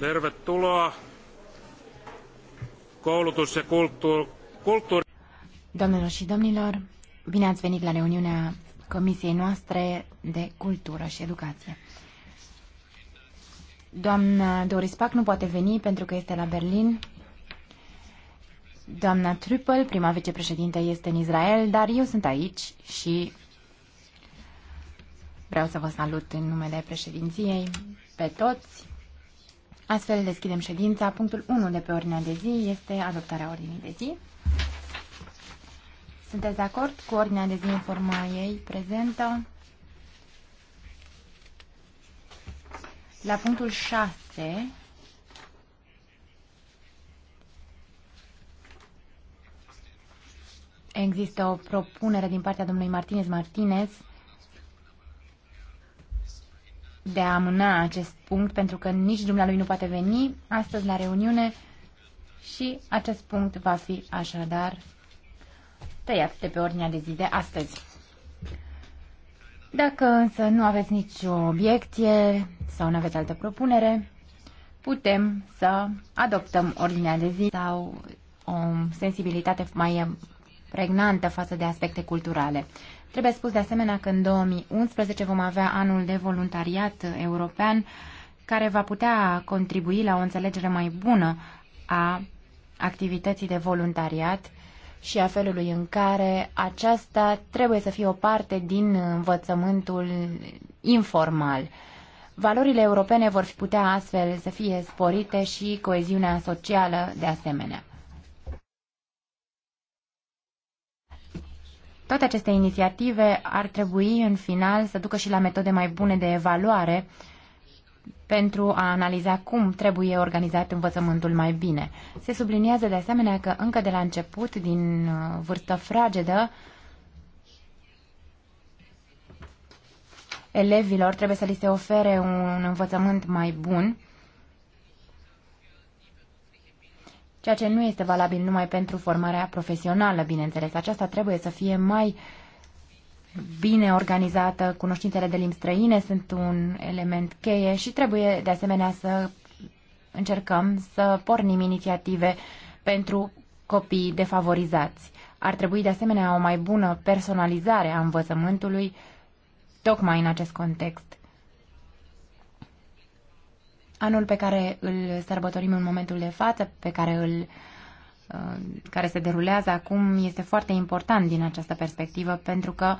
Tervetuloa koulutus ja kulttuuri... Doamnelor și domnilor, bine ați venit la reuniunea Comisiei noastre de Cultură și Educație. Doamna Doris Pac nu poate veni pentru că este la Berlin. Doamna Trüppel, prima vicepreședintă, este în Israel, dar eu sunt aici și vreau să vă salut în numele președinției pe toți Astfel deschidem ședința. Punctul 1 de pe ordinea de zi este adoptarea ordinii de zi. Sunteți de acord cu ordinea de zi în forma ei prezentă? La punctul 6 există o propunere din partea domnului Martinez Martinez de a amâna acest punct, pentru că nici dumnealui nu poate veni astăzi la reuniune și acest punct va fi așadar tăiat de pe ordinea de zi de astăzi. Dacă însă nu aveți nicio obiecție sau nu aveți altă propunere, putem să adoptăm ordinea de zi sau o sensibilitate mai pregnantă față de aspecte culturale. Trebuie spus de asemenea că în 2011 vom avea anul de voluntariat european care va putea contribui la o înțelegere mai bună a activității de voluntariat și a felului în care aceasta trebuie să fie o parte din învățământul informal. Valorile europene vor putea astfel să fie sporite și coeziunea socială de asemenea. Toate aceste inițiative ar trebui în final să ducă și la metode mai bune de evaluare pentru a analiza cum trebuie organizat învățământul mai bine. Se subliniază de asemenea că încă de la început, din uh, vârstă fragedă, elevilor trebuie să li se ofere un învățământ mai bun ceea ce nu este valabil numai pentru formarea profesională, bineînțeles. Aceasta trebuie să fie mai bine organizată, cunoștințele de limbi străine sunt un element cheie și trebuie de asemenea să încercăm să pornim inițiative pentru copii defavorizați. Ar trebui de asemenea o mai bună personalizare a învățământului tocmai în acest context. Anul pe care îl sărbătorim în momentul de față, pe care îl uh, care se derulează acum este foarte important din această perspectivă pentru că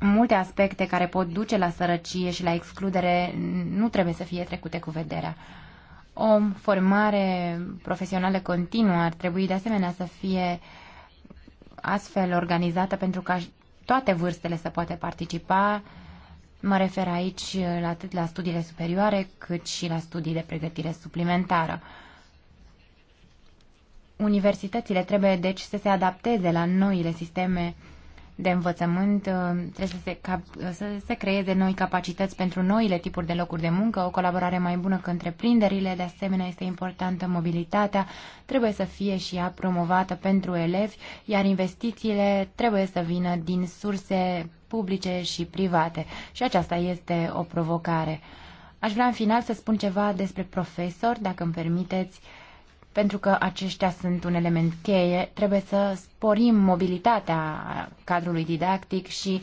multe aspecte care pot duce la sărăcie și la excludere nu trebuie să fie trecute cu vederea. O formare profesională continuă ar trebui de asemenea să fie astfel organizată pentru ca toate vârstele să poată participa Mă refer aici atât la studiile superioare, cât și la studii de pregătire suplimentară. Universitățile trebuie deci să se adapteze la noile sisteme de învățământ, uh, trebuie să se, cap, să se creeze noi capacități pentru noile tipuri de locuri de muncă, o colaborare mai bună cu întreprinderile, de asemenea este importantă mobilitatea, trebuie să fie și ea promovată pentru elevi, iar investițiile trebuie să vină din surse publice și private. Și aceasta este o provocare. Aș vrea în final să spun ceva despre profesori, dacă îmi permiteți. Uh, pentru că aceștia sunt un element cheie. Trebuie să sporim mobilitatea cadrului didactic și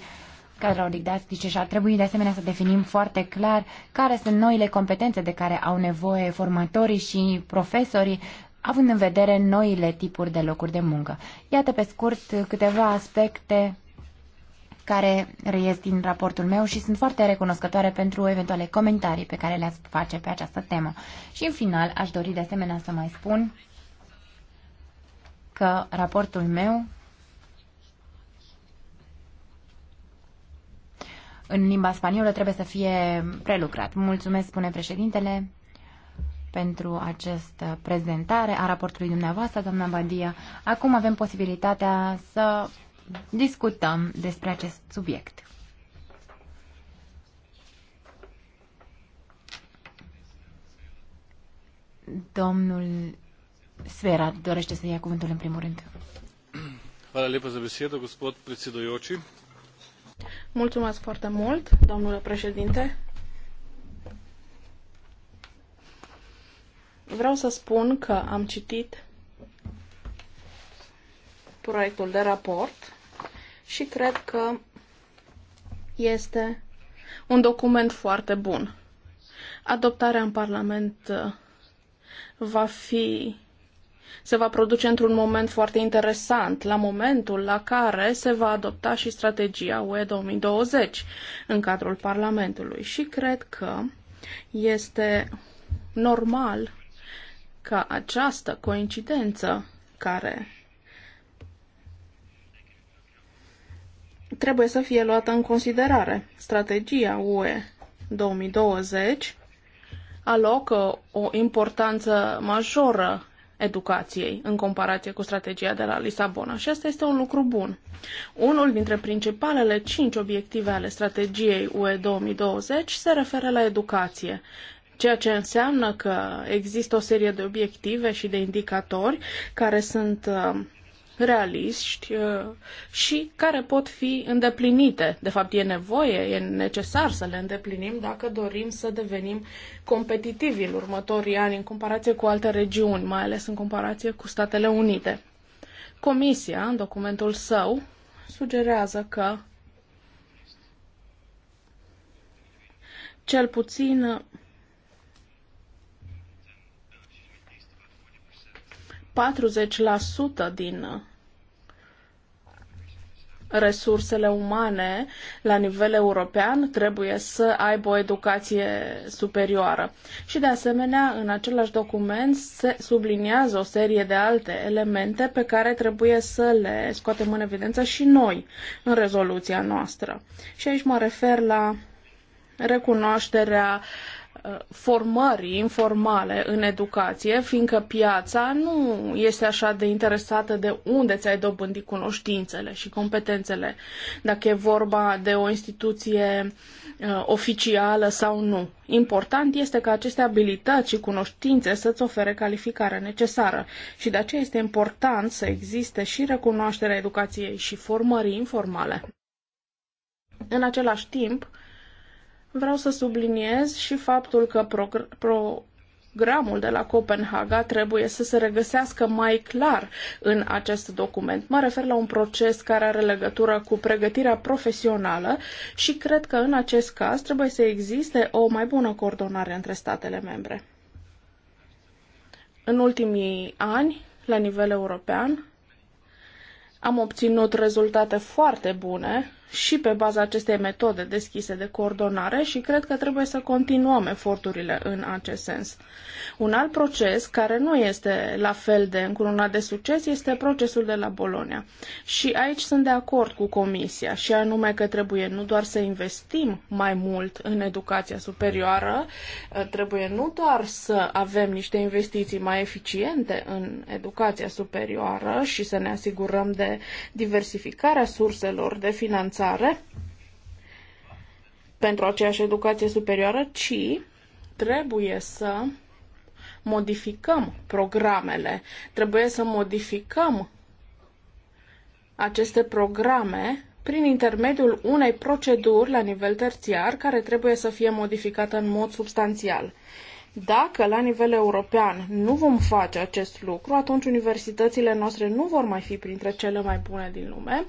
cadrul didactice și ar trebui de asemenea să definim foarte clar care sunt noile competențe de care au nevoie formatorii și profesorii având în vedere noile tipuri de locuri de muncă. Iată pe scurt câteva aspecte care reies din raportul meu și sunt foarte recunoscătoare pentru eventuale comentarii pe care le-ați face pe această temă. Și în final aș dori de asemenea să mai spun că raportul meu în limba spaniolă trebuie să fie prelucrat. Mulțumesc, spune președintele, pentru această prezentare a raportului dumneavoastră, doamna Badia. Acum avem posibilitatea să discutăm despre acest subiect. Domnul Sfera dorește să ia cuvântul în primul rând. Hvala lepa za besedo, gospod predsedujoči. Mulțumesc foarte mult, domnule președinte. Vreau să spun că am citit proiectul de raport și cred că este un document foarte bun. Adoptarea în Parlament uh, va fi se va produce într-un moment foarte interesant, la momentul la care se va adopta și strategia UE 2020 în cadrul Parlamentului. Și cred că este normal ca această coincidență care trebuie să fie luată în considerare. Strategia UE 2020 alocă o importanță majoră educației în comparație cu strategia de la Lisabona și asta este un lucru bun. Unul dintre principalele cinci obiective ale strategiei UE 2020 se referă la educație, ceea ce înseamnă că există o serie de obiective și de indicatori care sunt uh, realiști uh, și care pot fi îndeplinite. De fapt, e nevoie, e necesar să le îndeplinim dacă dorim să devenim competitivi în următorii ani în comparație cu alte regiuni, mai ales în comparație cu Statele Unite. Comisia, în documentul său, sugerează că cel puțin 40% din resursele umane la nivel european trebuie să aibă o educație superioară. Și de asemenea, în același document se subliniază o serie de alte elemente pe care trebuie să le scoatem în evidență și noi în rezoluția noastră. Și aici mă refer la recunoașterea uh, Uh, formării informale în educație, fiindcă piața nu este așa de interesată de unde ți-ai dobândit cunoștințele și competențele, dacă e vorba de o instituție uh, oficială sau nu. Important este ca aceste abilități și cunoștințe să-ți ofere calificarea necesară și de aceea este important să existe și recunoașterea educației și formării informale. În același timp, Vreau să subliniez și faptul că programul de la Copenhaga trebuie să se regăsească mai clar în acest document. Mă refer la un proces care are legătură cu pregătirea profesională și cred că în acest caz trebuie să existe o mai bună coordonare între statele membre. În ultimii ani, la nivel european, am obținut rezultate foarte bune și pe baza acestei metode deschise de coordonare și cred că trebuie să continuăm eforturile în acest sens. Un alt proces care nu este la fel de încununat de succes este procesul de la Bolonia. Și aici sunt de acord cu Comisia și anume că trebuie nu doar să investim mai mult în educația superioară, trebuie nu doar să avem niște investiții mai eficiente în educația superioară și să ne asigurăm de diversificarea surselor de finanțare finanțare pentru aceeași educație superioară, ci trebuie să modificăm programele, trebuie să modificăm aceste programe prin intermediul unei proceduri la nivel terțiar care trebuie să fie modificată în mod substanțial. Dacă la nivel european nu vom face acest lucru, atunci universitățile noastre nu vor mai fi printre cele mai bune din lume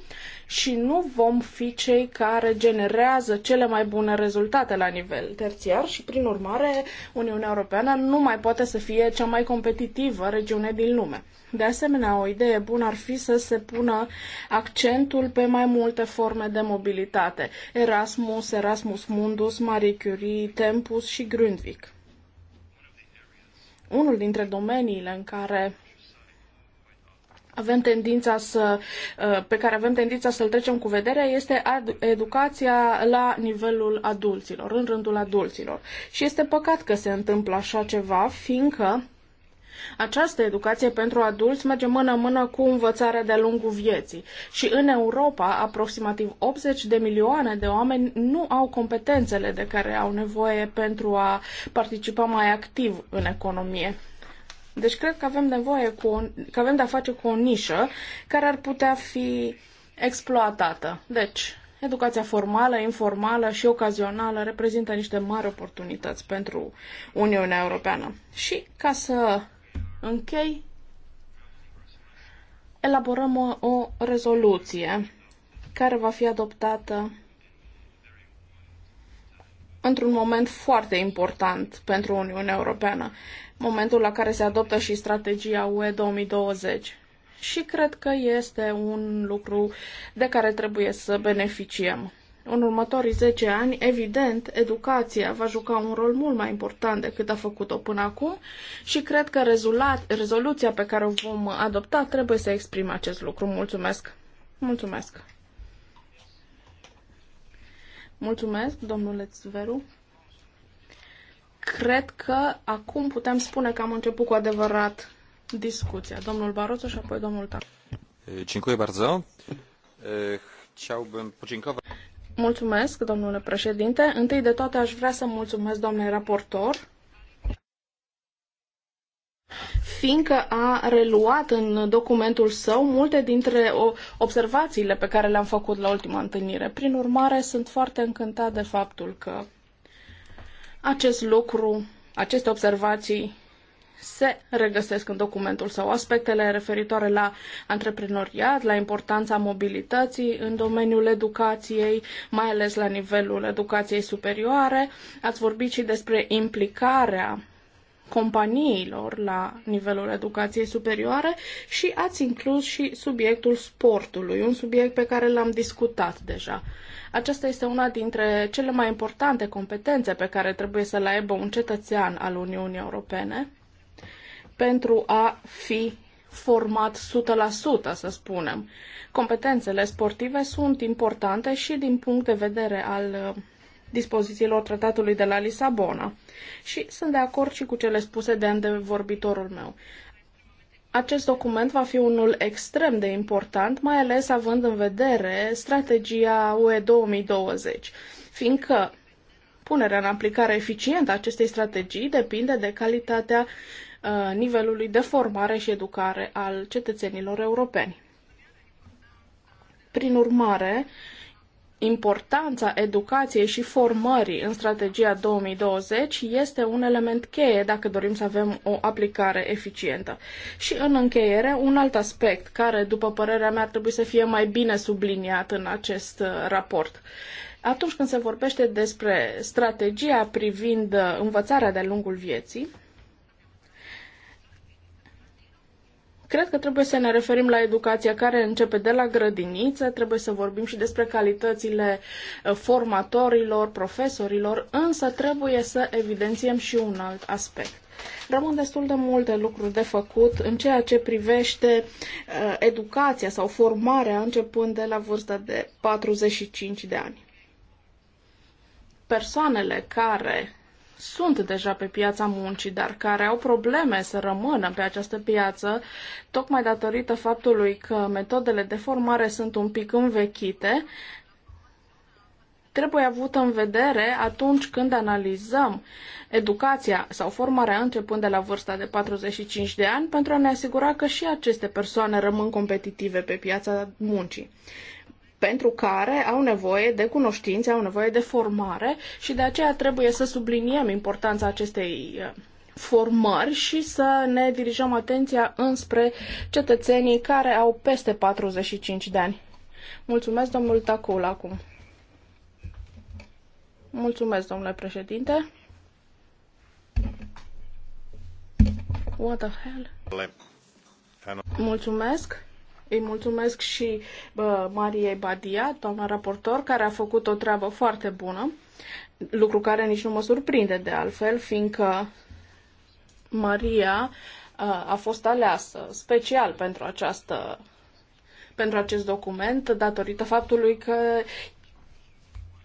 și nu vom fi cei care generează cele mai bune rezultate la nivel terțiar și, prin urmare, Uniunea Europeană nu mai poate să fie cea mai competitivă regiune din lume. De asemenea, o idee bună ar fi să se pună accentul pe mai multe forme de mobilitate. Erasmus, Erasmus Mundus, Marie Curie, Tempus și Grundvik unul dintre domeniile în care avem tendința să, uh, pe care avem tendința să-l trecem cu vederea este educația la nivelul adulților, în rândul adulților. Și este păcat că se întâmplă așa ceva, fiindcă această educație pentru adulți merge mână-mână cu învățarea de-a lungul vieții și în Europa aproximativ 80 de milioane de oameni nu au competențele de care au nevoie pentru a participa mai activ în economie. Deci cred că avem nevoie cu o, că avem de-a face cu o nișă care ar putea fi exploatată. Deci, educația formală, informală și ocazională reprezintă niște mari oportunități pentru Uniunea Europeană. Și ca să închei, elaborăm o, o rezoluție care va fi adoptată într-un moment foarte important pentru Uniunea Europeană, momentul la care se adoptă și strategia UE 2020. Și cred că este un lucru de care trebuie să beneficiem. În următorii 10 ani, evident, educația va juca un rol mult mai important decât a făcut-o până acum și cred că rezoluția pe care o vom adopta trebuie să exprime acest lucru. Mulțumesc! Mulțumesc! Mulțumesc, domnule Zveru! Cred că acum putem spune că am început cu adevărat discuția. Domnul Barroso și apoi domnul Tan. Dziękuję bardzo. Eh, Chciałbym podziękować. Mulțumesc, domnule președinte. Întâi de toate aș vrea să mulțumesc domnului raportor fiindcă a reluat în documentul său multe dintre observațiile pe care le-am făcut la ultima întâlnire. Prin urmare, sunt foarte încântat de faptul că acest lucru, aceste observații se regăsesc în documentul său aspectele referitoare la antreprenoriat, la importanța mobilității în domeniul educației, mai ales la nivelul educației superioare. Ați vorbit și despre implicarea companiilor la nivelul educației superioare și ați inclus și subiectul sportului, un subiect pe care l-am discutat deja. Aceasta este una dintre cele mai importante competențe pe care trebuie să le aibă un cetățean al Uniunii Europene pentru a fi format 100%, să spunem. Competențele sportive sunt importante și din punct de vedere al uh, dispozițiilor tratatului de la Lisabona. Și sunt de acord și cu cele spuse de vorbitorul meu. Acest document va fi unul extrem de important, mai ales având în vedere strategia UE 2020, fiindcă punerea în aplicare eficientă a acestei strategii depinde de calitatea Uh, nivelului de formare și educare al cetățenilor europeni. Prin urmare, importanța educației și formării în strategia 2020 este un element cheie dacă dorim să avem o aplicare eficientă. Și în încheiere, un alt aspect care, după părerea mea, ar trebui să fie mai bine subliniat în acest uh, raport. Atunci când se vorbește despre strategia privind uh, învățarea de-a lungul vieții, Cred că trebuie să ne referim la educația care începe de la grădiniță, trebuie să vorbim și despre calitățile uh, formatorilor, profesorilor, însă trebuie să evidențiem și un alt aspect. Rămân destul de multe lucruri de făcut în ceea ce privește uh, educația sau formarea începând de la vârsta de 45 de ani. Persoanele care sunt deja pe piața muncii, dar care au probleme să rămână pe această piață, tocmai datorită faptului că metodele de formare sunt un pic învechite, trebuie avut în vedere atunci când analizăm educația sau formarea începând de la vârsta de 45 de ani pentru a ne asigura că și aceste persoane rămân competitive pe piața muncii pentru care au nevoie de cunoștințe, au nevoie de formare și de aceea trebuie să subliniem importanța acestei uh, formări și să ne dirijăm atenția înspre cetățenii care au peste 45 de ani. Mulțumesc, domnul Tacul, acum. Mulțumesc, domnule președinte. What the hell? Mulțumesc. Îi mulțumesc și bă, Mariei Badia, doamna raportor, care a făcut o treabă foarte bună, lucru care nici nu mă surprinde de altfel, fiindcă Maria a fost aleasă special pentru această pentru acest document datorită faptului că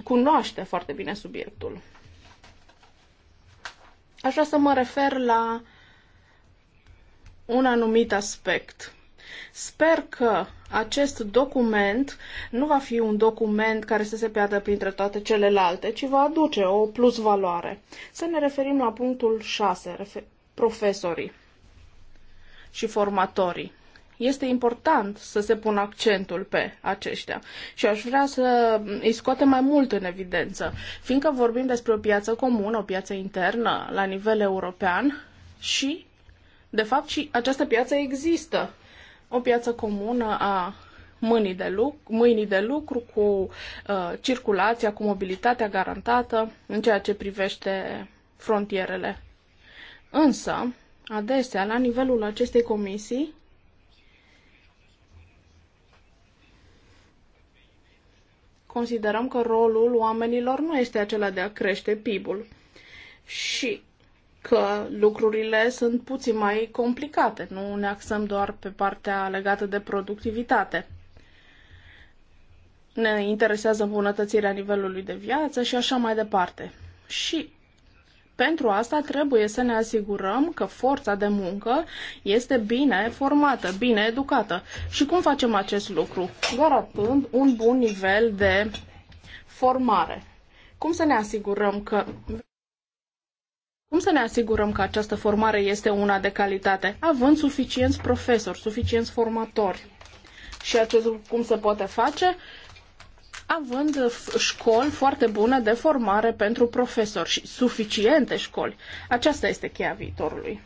cunoaște foarte bine subiectul. Aș vrea să mă refer la un anumit aspect Sper că acest document nu va fi un document care să se piardă printre toate celelalte, ci va aduce o plus valoare. Să ne referim la punctul 6, profesorii și formatorii este important să se pună accentul pe aceștia și aș vrea să îi scoate mai mult în evidență, fiindcă vorbim despre o piață comună, o piață internă la nivel european și, de fapt, și această piață există o piață comună a mâinii de lucru, mâinii de lucru cu uh, circulația, cu mobilitatea garantată în ceea ce privește frontierele. Însă, adesea, la nivelul acestei comisii, considerăm că rolul oamenilor nu este acela de a crește PIB-ul. Și că lucrurile sunt puțin mai complicate. Nu ne axăm doar pe partea legată de productivitate. Ne interesează îmbunătățirea nivelului de viață și așa mai departe. Și pentru asta trebuie să ne asigurăm că forța de muncă este bine formată, bine educată. Și cum facem acest lucru? Garantând un bun nivel de formare. Cum să ne asigurăm că cum să ne asigurăm că această formare este una de calitate, având suficienți profesori, suficienți formatori? Și acest lucru cum se poate face? având școli foarte bune de formare pentru profesori și suficiente școli. Aceasta este cheia viitorului.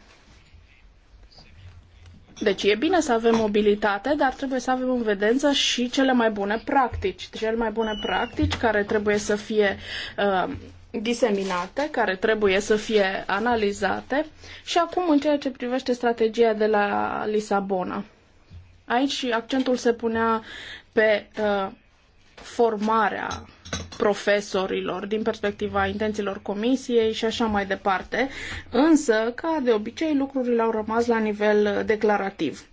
Deci e bine să avem mobilitate, dar trebuie să avem în vedență și cele mai bune practici. Cele mai bune practici care trebuie să fie uh, diseminate, care trebuie să fie analizate și acum în ceea ce privește strategia de la Lisabona. Aici accentul se punea pe uh, formarea profesorilor din perspectiva intențiilor comisiei și așa mai departe, însă, ca de obicei, lucrurile au rămas la nivel declarativ.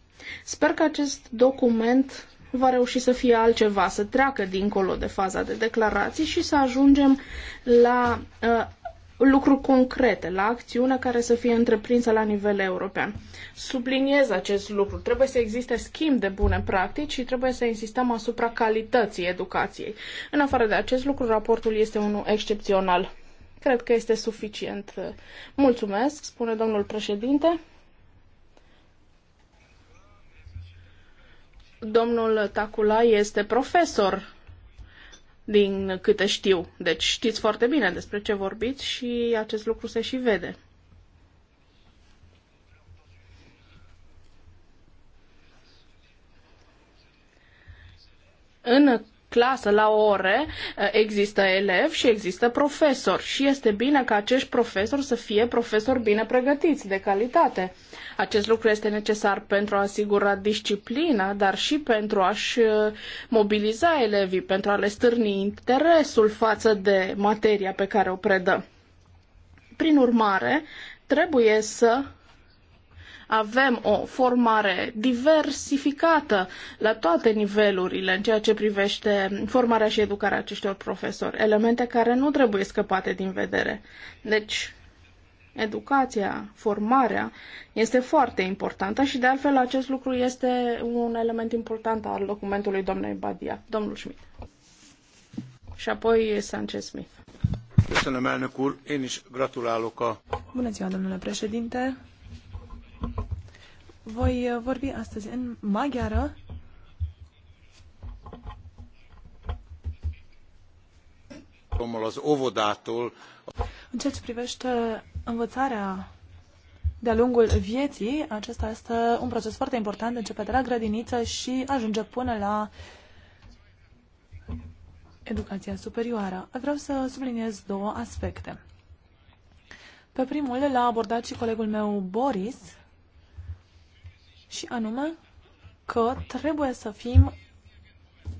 Sper că acest document va reuși să fie altceva, să treacă dincolo de faza de declarații și să ajungem la uh, lucruri concrete, la acțiune care să fie întreprinsă la nivel european. Subliniez acest lucru. Trebuie să existe schimb de bune practici și trebuie să insistăm asupra calității educației. În afară de acest lucru, raportul este unul excepțional. Cred că este suficient. Mulțumesc, spune domnul președinte. Domnul Tacula este profesor, din câte știu. Deci știți foarte bine despre ce vorbiți și acest lucru se și vede. În clasă, la ore, eh, există elevi și există profesori și este bine ca acești profesori să fie profesori bine pregătiți, de calitate. Acest lucru este necesar pentru a asigura disciplina, dar și pentru a-și eh, mobiliza elevii, pentru a le stârni interesul față de materia pe care o predă. Prin urmare, trebuie să avem o formare diversificată la toate nivelurile în ceea ce privește formarea și educarea acestor profesori, elemente care nu trebuie scăpate din vedere. Deci, educația, formarea este foarte importantă și de altfel acest lucru este un element important al documentului domnului Badia, domnul Schmidt. Și apoi Sanchez Smith. Bună ziua, domnule președinte. Voi uh, vorbi astăzi în maghiară. În ceea ce privește învățarea de-a lungul vieții, acesta este un proces foarte important, începe de la grădiniță și ajunge până la educația superioară. Vreau să subliniez două aspecte. Pe primul l-a abordat și colegul meu Boris, și anume că trebuie să fim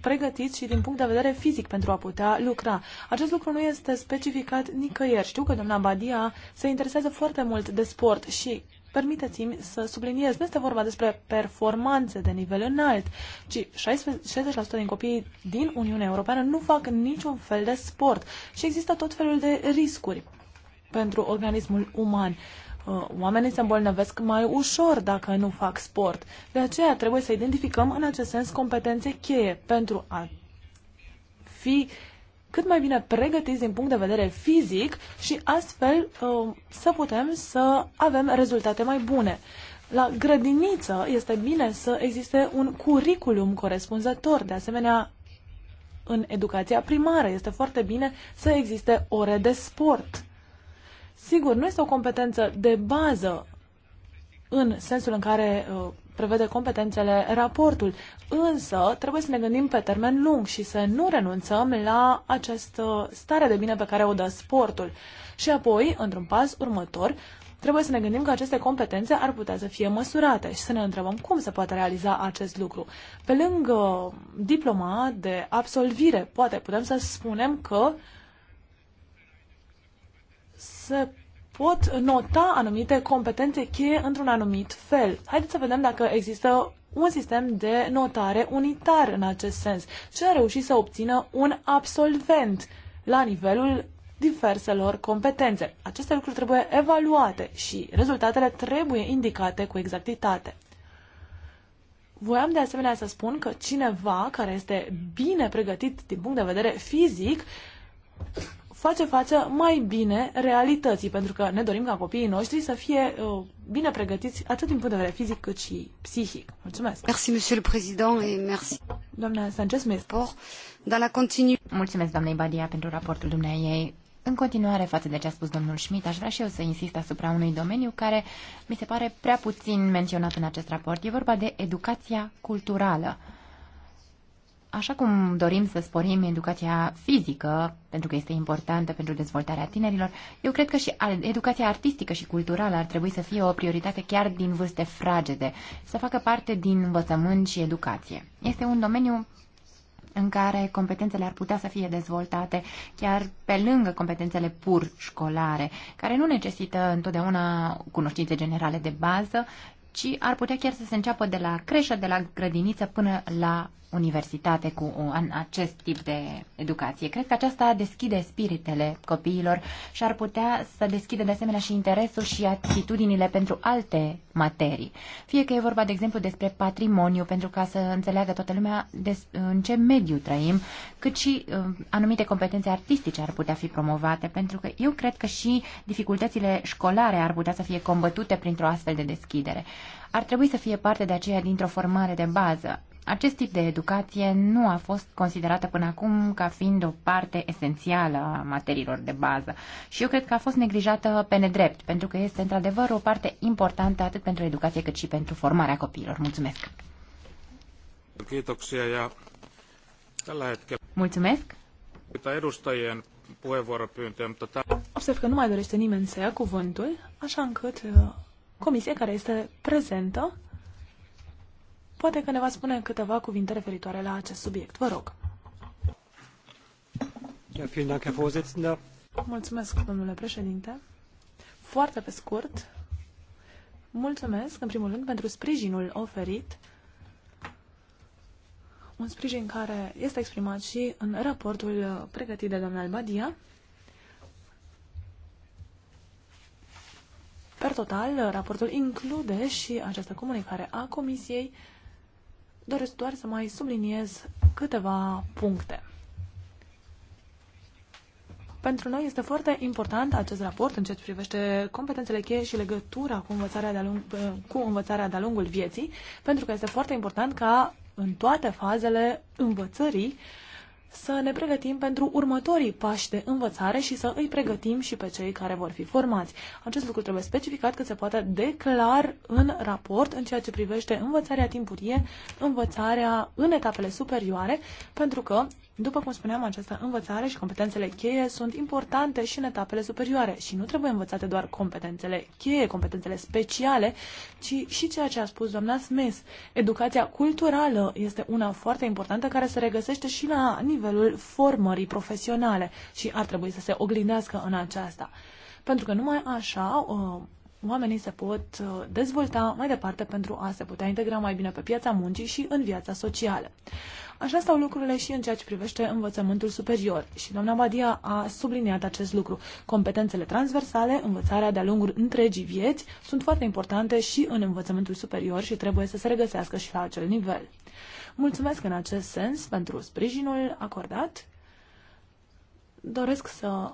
pregătiți și din punct de vedere fizic pentru a putea lucra. Acest lucru nu este specificat nicăieri. Știu că doamna Badia se interesează foarte mult de sport și permiteți-mi să subliniez, nu este vorba despre performanțe de nivel înalt, ci 60% din copiii din Uniunea Europeană nu fac niciun fel de sport și există tot felul de riscuri pentru organismul uman. Uh, oamenii se îmbolnăvesc mai ușor dacă nu fac sport. De aceea trebuie să identificăm în acest sens competențe cheie pentru a fi cât mai bine pregătiți din punct de vedere fizic și astfel uh, să putem să avem rezultate mai bune. La grădiniță este bine să existe un curriculum corespunzător. De asemenea, în educația primară este foarte bine să existe ore de sport. Sigur, nu este o competență de bază în sensul în care uh, prevede competențele raportul, însă trebuie să ne gândim pe termen lung și să nu renunțăm la această stare de bine pe care o dă sportul. Și apoi, într-un pas următor, trebuie să ne gândim că aceste competențe ar putea să fie măsurate și să ne întrebăm cum se poate realiza acest lucru. Pe lângă diploma de absolvire, poate putem să spunem că uh, să pot nota anumite competențe cheie într-un anumit fel. Haideți să vedem dacă există un sistem de notare unitar în acest sens. Ce a reușit să obțină un absolvent la nivelul diverselor competențe. Aceste lucruri trebuie evaluate și rezultatele trebuie indicate cu exactitate. Voiam de asemenea să spun că cineva care este bine pregătit din punct de vedere fizic face față mai bine realității, pentru că ne dorim ca copiii noștri să fie uh, bine pregătiți atât din punct de vedere fizic cât și psihic. Mulțumesc! Merci, monsieur le président, et merci. Doamna Sanchez, dans la continu... Mulțumesc, doamnei Badia, pentru raportul dumneai. În continuare, față de ce a spus domnul Schmidt, aș vrea și eu să insist asupra unui domeniu care mi se pare prea puțin menționat în acest raport. E vorba de educația culturală. Așa cum dorim să sporim educația fizică, pentru că este importantă pentru dezvoltarea tinerilor, eu cred că și educația artistică și culturală ar trebui să fie o prioritate chiar din vârste fragede, să facă parte din învățământ și educație. Este un domeniu în care competențele ar putea să fie dezvoltate chiar pe lângă competențele pur școlare, care nu necesită întotdeauna cunoștințe generale de bază, ci ar putea chiar să se înceapă de la creșă, de la grădiniță până la universitate cu un acest tip de educație. Cred că aceasta deschide spiritele copiilor și ar putea să deschide de asemenea și interesul și atitudinile pentru alte materii. Fie că e vorba, de exemplu, despre patrimoniu, pentru ca să înțeleagă toată lumea des, în ce mediu trăim, cât și uh, anumite competențe artistice ar putea fi promovate, pentru că eu cred că și dificultățile școlare ar putea să fie combătute printr-o astfel de deschidere ar trebui să fie parte de aceea dintr-o formare de bază. Acest tip de educație nu a fost considerată până acum ca fiind o parte esențială a materiilor de bază și eu cred că a fost neglijată pe nedrept, pentru că este într-adevăr o parte importantă atât pentru educație cât și pentru formarea copiilor. Mulțumesc! Mulțumesc! Observ că nu mai dorește nimeni să ia cuvântul, așa încât uh, comisia care este prezentă Poate că ne va spune câteva cuvinte referitoare la acest subiect. Vă rog. Mulțumesc, domnule președinte. Foarte pe scurt, mulțumesc, în primul rând, pentru sprijinul oferit un sprijin care este exprimat și în raportul pregătit de doamna Albadia. Per total, raportul include și această comunicare a Comisiei Doresc doar să mai subliniez câteva puncte. Pentru noi este foarte important acest raport în ceea ce privește competențele cheie și legătura cu învățarea de-a lung, cu învățarea de-a lungul vieții, pentru că este foarte important ca în toate fazele învățării uh, să ne pregătim pentru următorii pași de învățare și să îi pregătim și pe cei care vor fi formați. Acest lucru trebuie specificat că se poate declar în raport în ceea ce privește învățarea timpurie, învățarea în etapele superioare, pentru că după cum spuneam, această învățare și competențele cheie sunt importante și în etapele superioare și nu trebuie învățate doar competențele cheie, competențele speciale, ci și ceea ce a spus doamna Smith. Educația culturală este una foarte importantă care se regăsește și la nivelul formării profesionale și ar trebui să se oglindească în aceasta. Pentru că numai așa uh, oamenii se pot uh, dezvolta mai departe pentru a se putea integra mai bine pe piața muncii și în viața socială. Așa stau lucrurile și în ceea ce privește învățământul superior. Și doamna Badia a subliniat acest lucru. Competențele transversale, învățarea de-a lungul întregii vieți, sunt foarte importante și în învățământul superior și trebuie să se regăsească și la acel nivel. Mulțumesc în acest sens pentru sprijinul acordat. Doresc să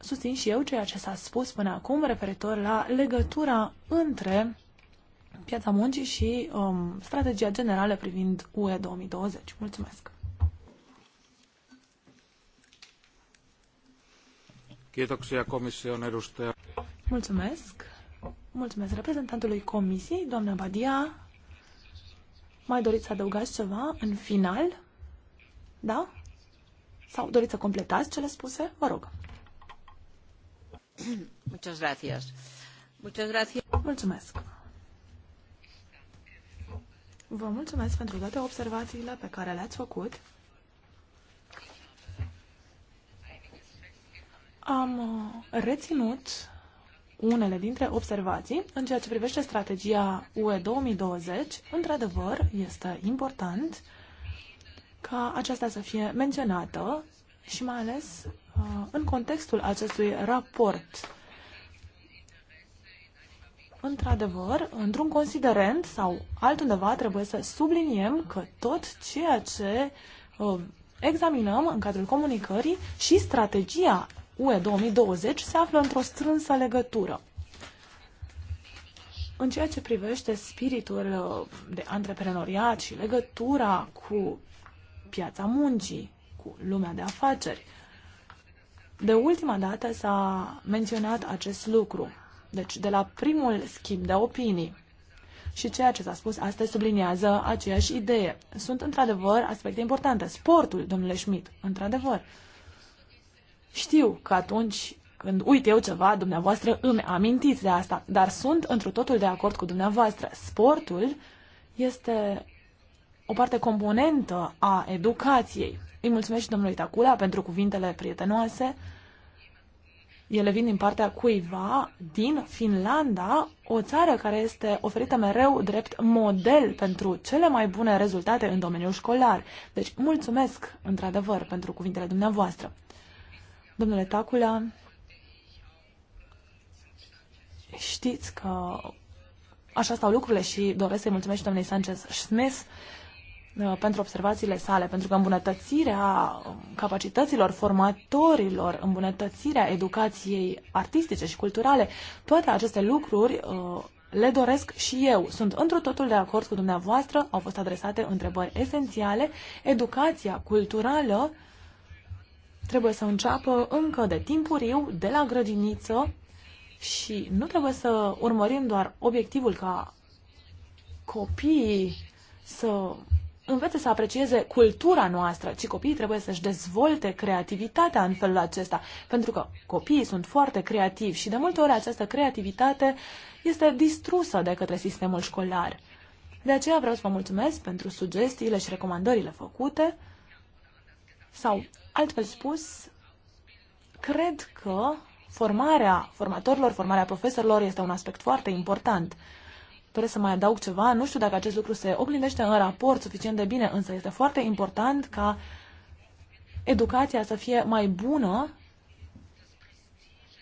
susțin și eu ceea ce s-a spus până acum referitor la legătura între piața muncii și um, strategia generală privind UE 2020. Mulțumesc! Kiitoksia komission edustaja. Mulțumesc. Mulțumesc reprezentantului comisiei, doamna Badia. Mai doriți să adăugați ceva în final? Da? Sau doriți să completați cele spuse? Vă rog. Muchas gracias. Muchas gracias. Mulțumesc. Vă mulțumesc pentru toate observațiile pe care le-ați făcut. Am uh, reținut unele dintre observații în ceea ce privește strategia UE 2020. Într-adevăr, este important ca aceasta să fie menționată și mai ales uh, în contextul acestui raport într-adevăr, într-un considerent sau altundeva trebuie să subliniem că tot ceea ce uh, examinăm în cadrul comunicării și strategia UE 2020 se află într-o strânsă legătură. În ceea ce privește spiritul uh, de antreprenoriat și legătura cu piața muncii, cu lumea de afaceri, de ultima dată s-a menționat acest lucru. Deci, de la primul schimb de opinii. Și ceea ce s-a spus astăzi subliniază aceeași idee. Sunt, într-adevăr, aspecte importante. Sportul, domnule Schmidt, într-adevăr. Știu că atunci când uit eu ceva, dumneavoastră îmi amintiți de asta, dar sunt întru totul de acord cu dumneavoastră. Sportul este o parte componentă a educației. Îi mulțumesc și domnului Tacula pentru cuvintele prietenoase ele vin din partea cuiva din Finlanda, o țară care este oferită mereu drept model pentru cele mai bune rezultate în domeniul școlar. Deci, mulțumesc, într-adevăr, pentru cuvintele dumneavoastră. Domnule Tacula, știți că așa stau lucrurile și doresc să-i mulțumesc și doamnei Sanchez-Smith Uh, pentru observațiile sale, pentru că îmbunătățirea capacităților formatorilor, îmbunătățirea educației artistice și culturale, toate aceste lucruri uh, le doresc și eu. Sunt într totul de acord cu dumneavoastră, au fost adresate întrebări esențiale. Educația culturală trebuie să înceapă încă de timpuriu, de la grădiniță și nu trebuie să urmărim doar obiectivul ca copiii să învețe să aprecieze cultura noastră, ci copiii trebuie să-și dezvolte creativitatea în felul acesta, pentru că copiii sunt foarte creativi și de multe ori această creativitate este distrusă de către sistemul școlar. De aceea vreau să vă mulțumesc pentru sugestiile și recomandările făcute sau, altfel spus, cred că formarea formatorilor, formarea profesorilor este un aspect foarte important doresc să mai adaug ceva. Nu știu dacă acest lucru se oglindește în raport suficient de bine, însă este foarte important ca educația să fie mai bună,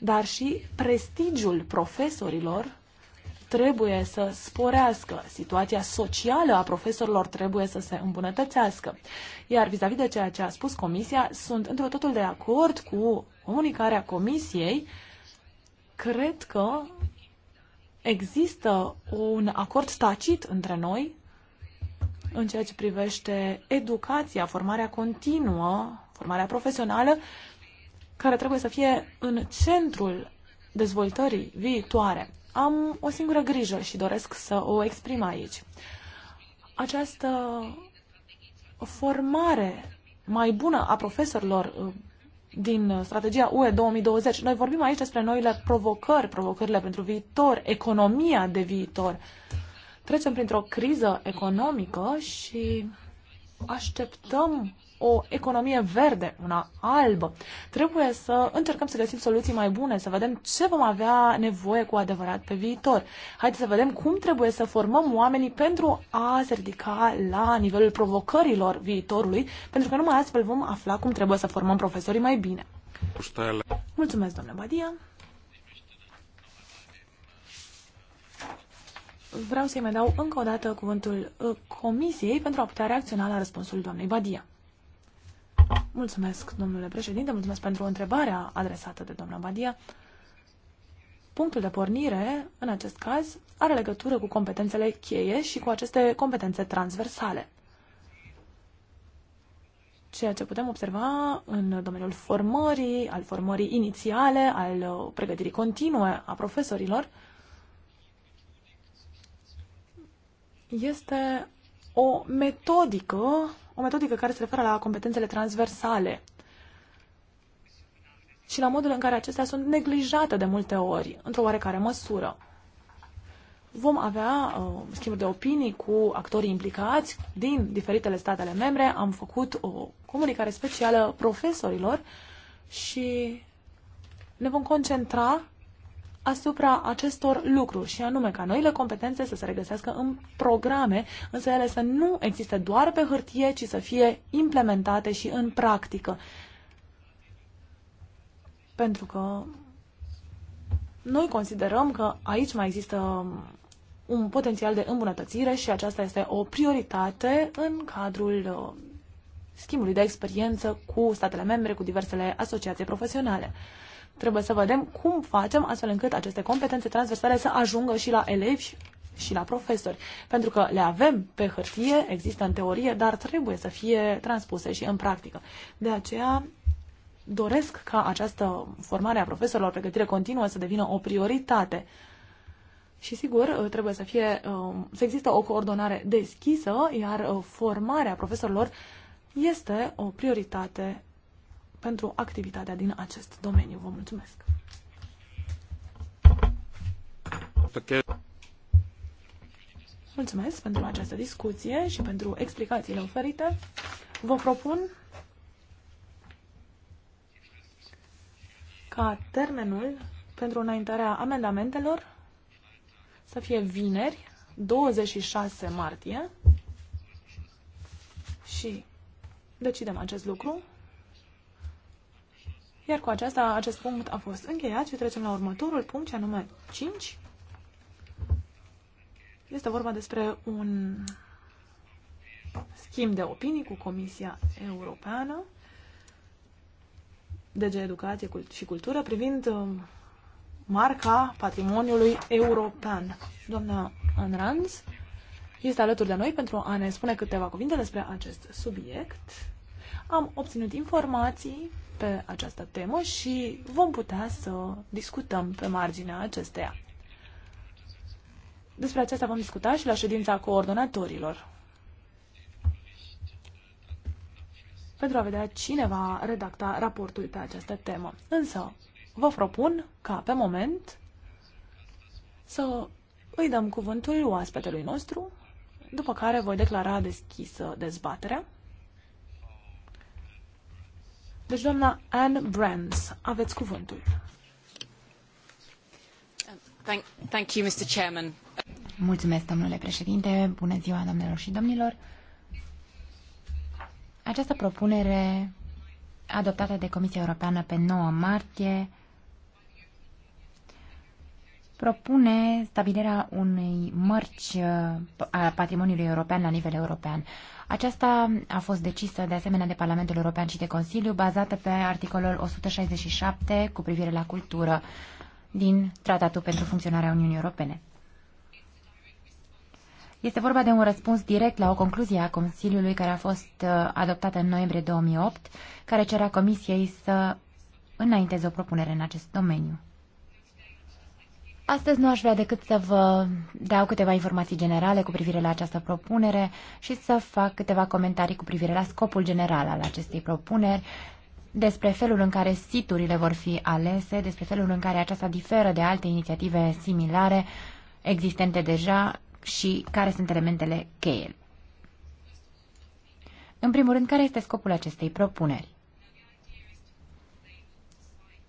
dar și prestigiul profesorilor trebuie să sporească, situația socială a profesorilor trebuie să se îmbunătățească. Iar vis-a-vis -vis de ceea ce a spus Comisia, sunt într totul de acord cu comunicarea Comisiei. Cred că există un acord tacit între noi în ceea ce privește educația, formarea continuă, formarea profesională, care trebuie să fie în centrul dezvoltării viitoare. Am o singură grijă și doresc să o exprim aici. Această formare mai bună a profesorilor din uh, strategia UE 2020. Noi vorbim aici despre noile provocări, provocările pentru viitor, economia de viitor. Trecem printr-o criză economică și așteptăm o economie verde, una albă. Trebuie să încercăm să găsim soluții mai bune, să vedem ce vom avea nevoie cu adevărat pe viitor. Haideți să vedem cum trebuie să formăm oamenii pentru a se ridica la nivelul provocărilor viitorului, pentru că numai astfel vom afla cum trebuie să formăm profesorii mai bine. Mulțumesc, domnule Badia. Vreau să-i mai dau încă o dată cuvântul uh, comisiei pentru a putea reacționa la răspunsul doamnei Badia. Mulțumesc, domnule președinte, mulțumesc pentru întrebarea adresată de doamna Badia. Punctul de pornire, în acest caz, are legătură cu competențele cheie și cu aceste competențe transversale. Ceea ce putem observa în domeniul formării, al formării inițiale, al pregătirii continue a profesorilor, este o metodică o metodică care se referă la competențele transversale și la modul în care acestea sunt neglijate de multe ori, într-o oarecare măsură. Vom avea uh, schimburi de opinii cu actorii implicați din diferitele statele membre. Am făcut o comunicare specială profesorilor și ne vom concentra asupra acestor lucruri și anume ca noile competențe să se regăsească în programe, însă ele să nu existe doar pe hârtie, ci să fie implementate și în practică. Pentru că noi considerăm că aici mai există un potențial de îmbunătățire și aceasta este o prioritate în cadrul uh, schimbului de experiență cu statele membre, cu diversele asociații profesionale. Trebuie să vedem cum facem astfel încât aceste competențe transversale să ajungă și la elevi și la profesori. Pentru că le avem pe hârtie, există în teorie, dar trebuie să fie transpuse și în practică. De aceea doresc ca această formare a profesorilor, pregătire continuă, să devină o prioritate. Și sigur, uh, trebuie să fie, uh, să există o coordonare deschisă, iar uh, formarea profesorilor este o prioritate pentru activitatea din acest domeniu. Vă mulțumesc! Mulțumesc pentru această discuție și pentru explicațiile oferite. Vă propun ca termenul pentru înaintarea amendamentelor să fie vineri, 26 martie și decidem acest lucru iar cu aceasta, acest punct a fost încheiat și trecem la următorul punct, ce anume 5. Este vorba despre un schimb de opinii cu Comisia Europeană, DG Educație și Cultură, privind um, marca patrimoniului european. Doamna Anranz este alături de noi pentru a ne spune câteva cuvinte despre acest subiect. Am obținut informații pe această temă și vom putea să discutăm pe marginea acesteia. Despre aceasta vom discuta și la ședința coordonatorilor. Pentru a vedea cine va redacta raportul pe această temă. Însă, vă propun ca pe moment să îi dăm cuvântul oaspetelui nostru, după care voi declara deschisă dezbaterea. Deci, doamna Anne Brands, aveți cuvântul. Thank, thank you, Mr. Chairman. Mulțumesc, domnule președinte. Bună ziua, doamnelor și domnilor. Această propunere adoptată de Comisia Europeană pe 9 martie propune stabilirea unei mărci uh, a patrimoniului european la nivel european. Aceasta a fost decisă de asemenea de Parlamentul European și de Consiliu, bazată pe articolul 167 cu privire la cultură din Tratatul pentru funcționarea Uniunii Europene. Este vorba de un răspuns direct la o concluzie a Consiliului care a fost uh, adoptată în noiembrie 2008, care cerea Comisiei să înainteze o propunere în acest domeniu. Astăzi nu aș vrea decât să vă dau câteva informații generale cu privire la această propunere și să fac câteva comentarii cu privire la scopul general al acestei propuneri, despre felul în care siturile vor fi alese, despre felul în care aceasta diferă de alte inițiative similare existente deja și care sunt elementele cheie. În primul rând, care este scopul acestei propuneri?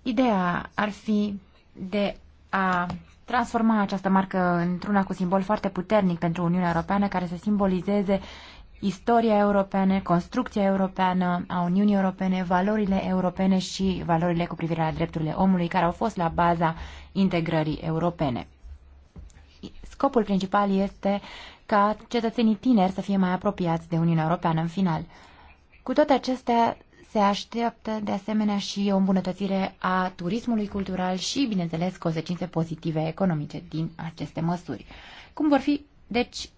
Ideea ar fi de a transforma această marcă într-una cu simbol foarte puternic pentru Uniunea Europeană, care să simbolizeze istoria europeană, construcția europeană a Uniunii Europene, valorile europene și valorile cu privire la drepturile omului care au fost la baza integrării europene. Scopul principal este ca cetățenii tineri să fie mai apropiați de Uniunea Europeană în final. Cu toate acestea, se așteaptă de asemenea și o îmbunătățire a turismului cultural și, bineînțeles, consecințe pozitive economice din aceste măsuri. Cum vor fi, deci,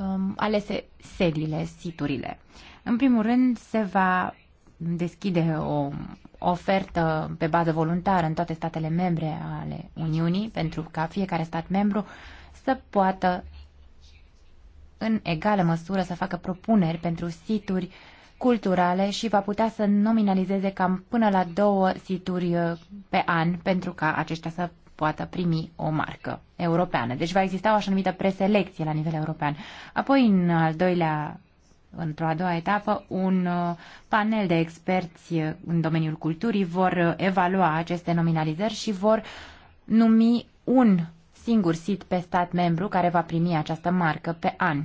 um, alese sediile, siturile? În primul rând, se va deschide o ofertă pe bază voluntară în toate statele membre ale Uniunii pentru ca fiecare stat membru să poată în egală măsură să facă propuneri pentru situri culturale și va putea să nominalizeze cam până la două situri uh, pe an pentru ca aceștia să poată primi o marcă europeană. Deci va exista o așa numită preselecție la nivel european. Apoi, în al doilea într-o a doua etapă, un uh, panel de experți uh, în domeniul culturii vor evalua aceste nominalizări și vor numi un singur sit pe stat membru care va primi această marcă pe an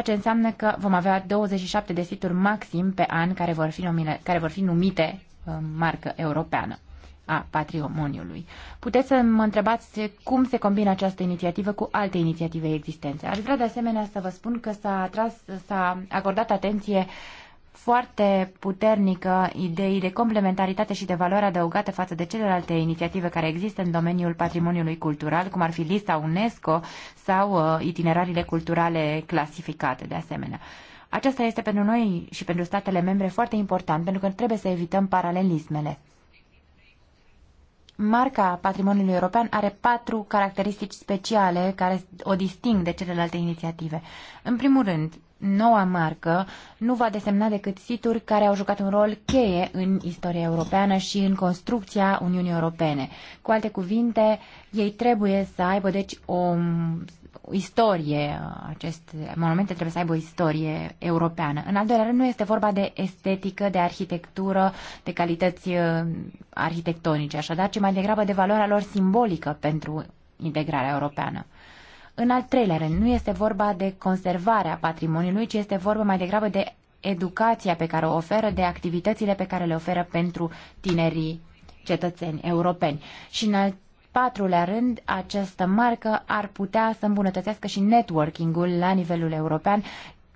ceea ce înseamnă că vom avea 27 de situri maxim pe an care vor fi, numile, care vor fi numite uh, marcă europeană a patrimoniului. Puteți să mă întrebați cum se combină această inițiativă cu alte inițiative existente. Aș vrea de asemenea să vă spun că s-a, atras, s-a acordat atenție uh, foarte puternică idei de complementaritate și de valoare adăugată față de celelalte inițiative care există în domeniul patrimoniului cultural, cum ar fi lista UNESCO sau uh, itinerariile culturale clasificate de asemenea. Aceasta este pentru noi și pentru statele membre foarte important, pentru că trebuie să evităm paralelismele. Marca patrimoniului european are patru caracteristici speciale care o disting de celelalte inițiative. În primul rând, noua marcă nu va desemna decât situri care au jucat un rol cheie în istoria europeană și în construcția Uniunii Europene. Cu alte cuvinte, ei trebuie să aibă deci o istorie, aceste monumente trebuie să aibă o istorie europeană. În al doilea rând, nu este vorba de estetică, de arhitectură, de calități uh, arhitectonice, așadar, ci mai degrabă de valoarea lor simbolică pentru integrarea europeană. În al treilea rând, nu este vorba de conservarea patrimoniului, ci este vorba mai degrabă de educația pe care o oferă, de activitățile pe care le oferă pentru tinerii cetățeni europeni. Și în al patrulea rând, această marcă ar putea să îmbunătățească și networking-ul la nivelul european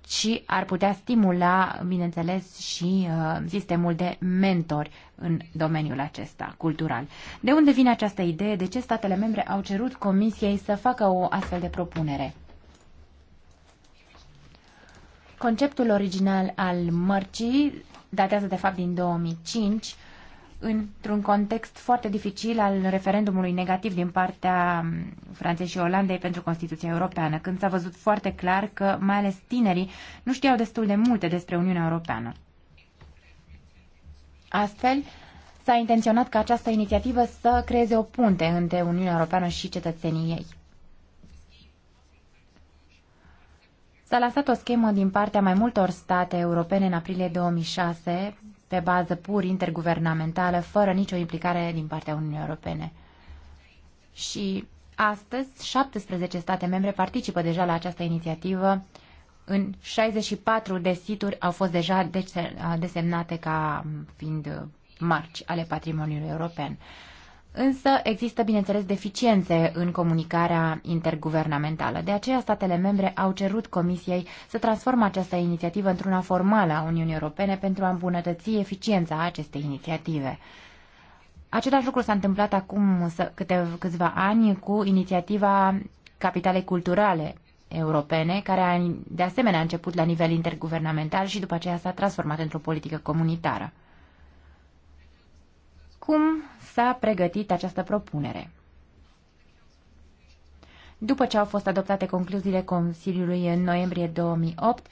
și ar putea stimula, bineînțeles, și uh, sistemul de mentori în domeniul acesta cultural. De unde vine această idee? De ce statele membre au cerut Comisiei să facă o astfel de propunere? Conceptul original al mărcii datează de fapt din 2005 într-un context foarte dificil al referendumului negativ din partea Franței și Olandei pentru Constituția Europeană, când s-a văzut foarte clar că mai ales tinerii nu știau destul de multe despre Uniunea Europeană. Astfel, s-a intenționat ca această inițiativă să creeze o punte între Uniunea Europeană și cetățenii ei. S-a lansat o schemă din partea mai multor state europene în aprilie 2006 pe bază pur interguvernamentală, fără nicio implicare din partea Uniunii Europene. Și astăzi, 17 state membre participă deja la această inițiativă. În 64 de situri au fost deja desemnate ca fiind marci ale patrimoniului european. Însă există, bineînțeles, deficiențe în comunicarea interguvernamentală. De aceea, statele membre au cerut Comisiei să transforme această inițiativă într-una formală a Uniunii Europene pentru a îmbunătăți eficiența acestei inițiative. Același lucru s-a întâmplat acum câte, câțiva ani cu inițiativa Capitale Culturale Europene, care a, de asemenea a început la nivel interguvernamental și după aceea s-a transformat într-o politică comunitară. Cum s-a pregătit această propunere. După ce au fost adoptate concluziile Consiliului în noiembrie 2008,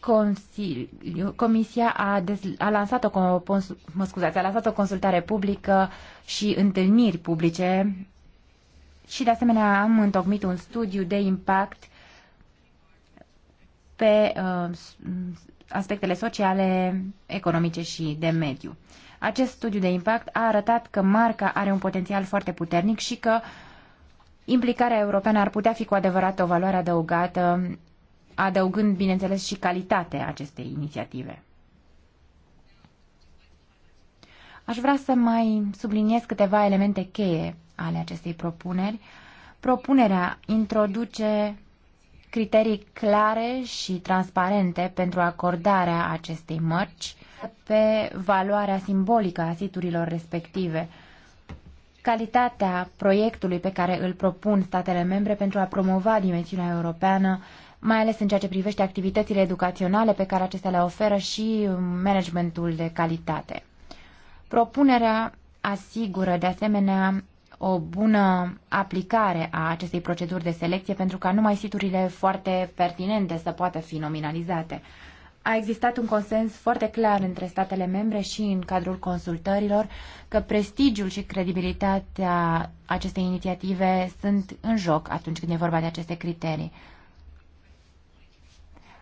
Consiliu, Comisia a, dez, a, lansat o, mă scuzați, a lansat o consultare publică și întâlniri publice și de asemenea am întocmit un studiu de impact pe uh, aspectele sociale, economice și de mediu. Uh, acest studiu de impact a arătat că marca are un potențial foarte puternic și că implicarea europeană ar putea fi cu adevărat o valoare adăugată, adăugând, bineînțeles, și calitatea acestei inițiative. Aș vrea să mai subliniez câteva elemente cheie ale acestei propuneri. Propunerea introduce criterii clare și transparente pentru acordarea acestei mărci pe valoarea simbolică a siturilor respective, calitatea proiectului pe care îl propun statele membre pentru a promova dimensiunea europeană, mai ales în ceea ce privește activitățile educaționale pe care acestea le oferă și managementul de calitate. Propunerea asigură de asemenea o bună aplicare a acestei proceduri de selecție pentru ca numai siturile foarte pertinente să poată fi nominalizate. A existat un consens foarte clar între statele membre și în cadrul consultărilor că prestigiul și credibilitatea acestei inițiative sunt în joc atunci când e vorba de aceste criterii.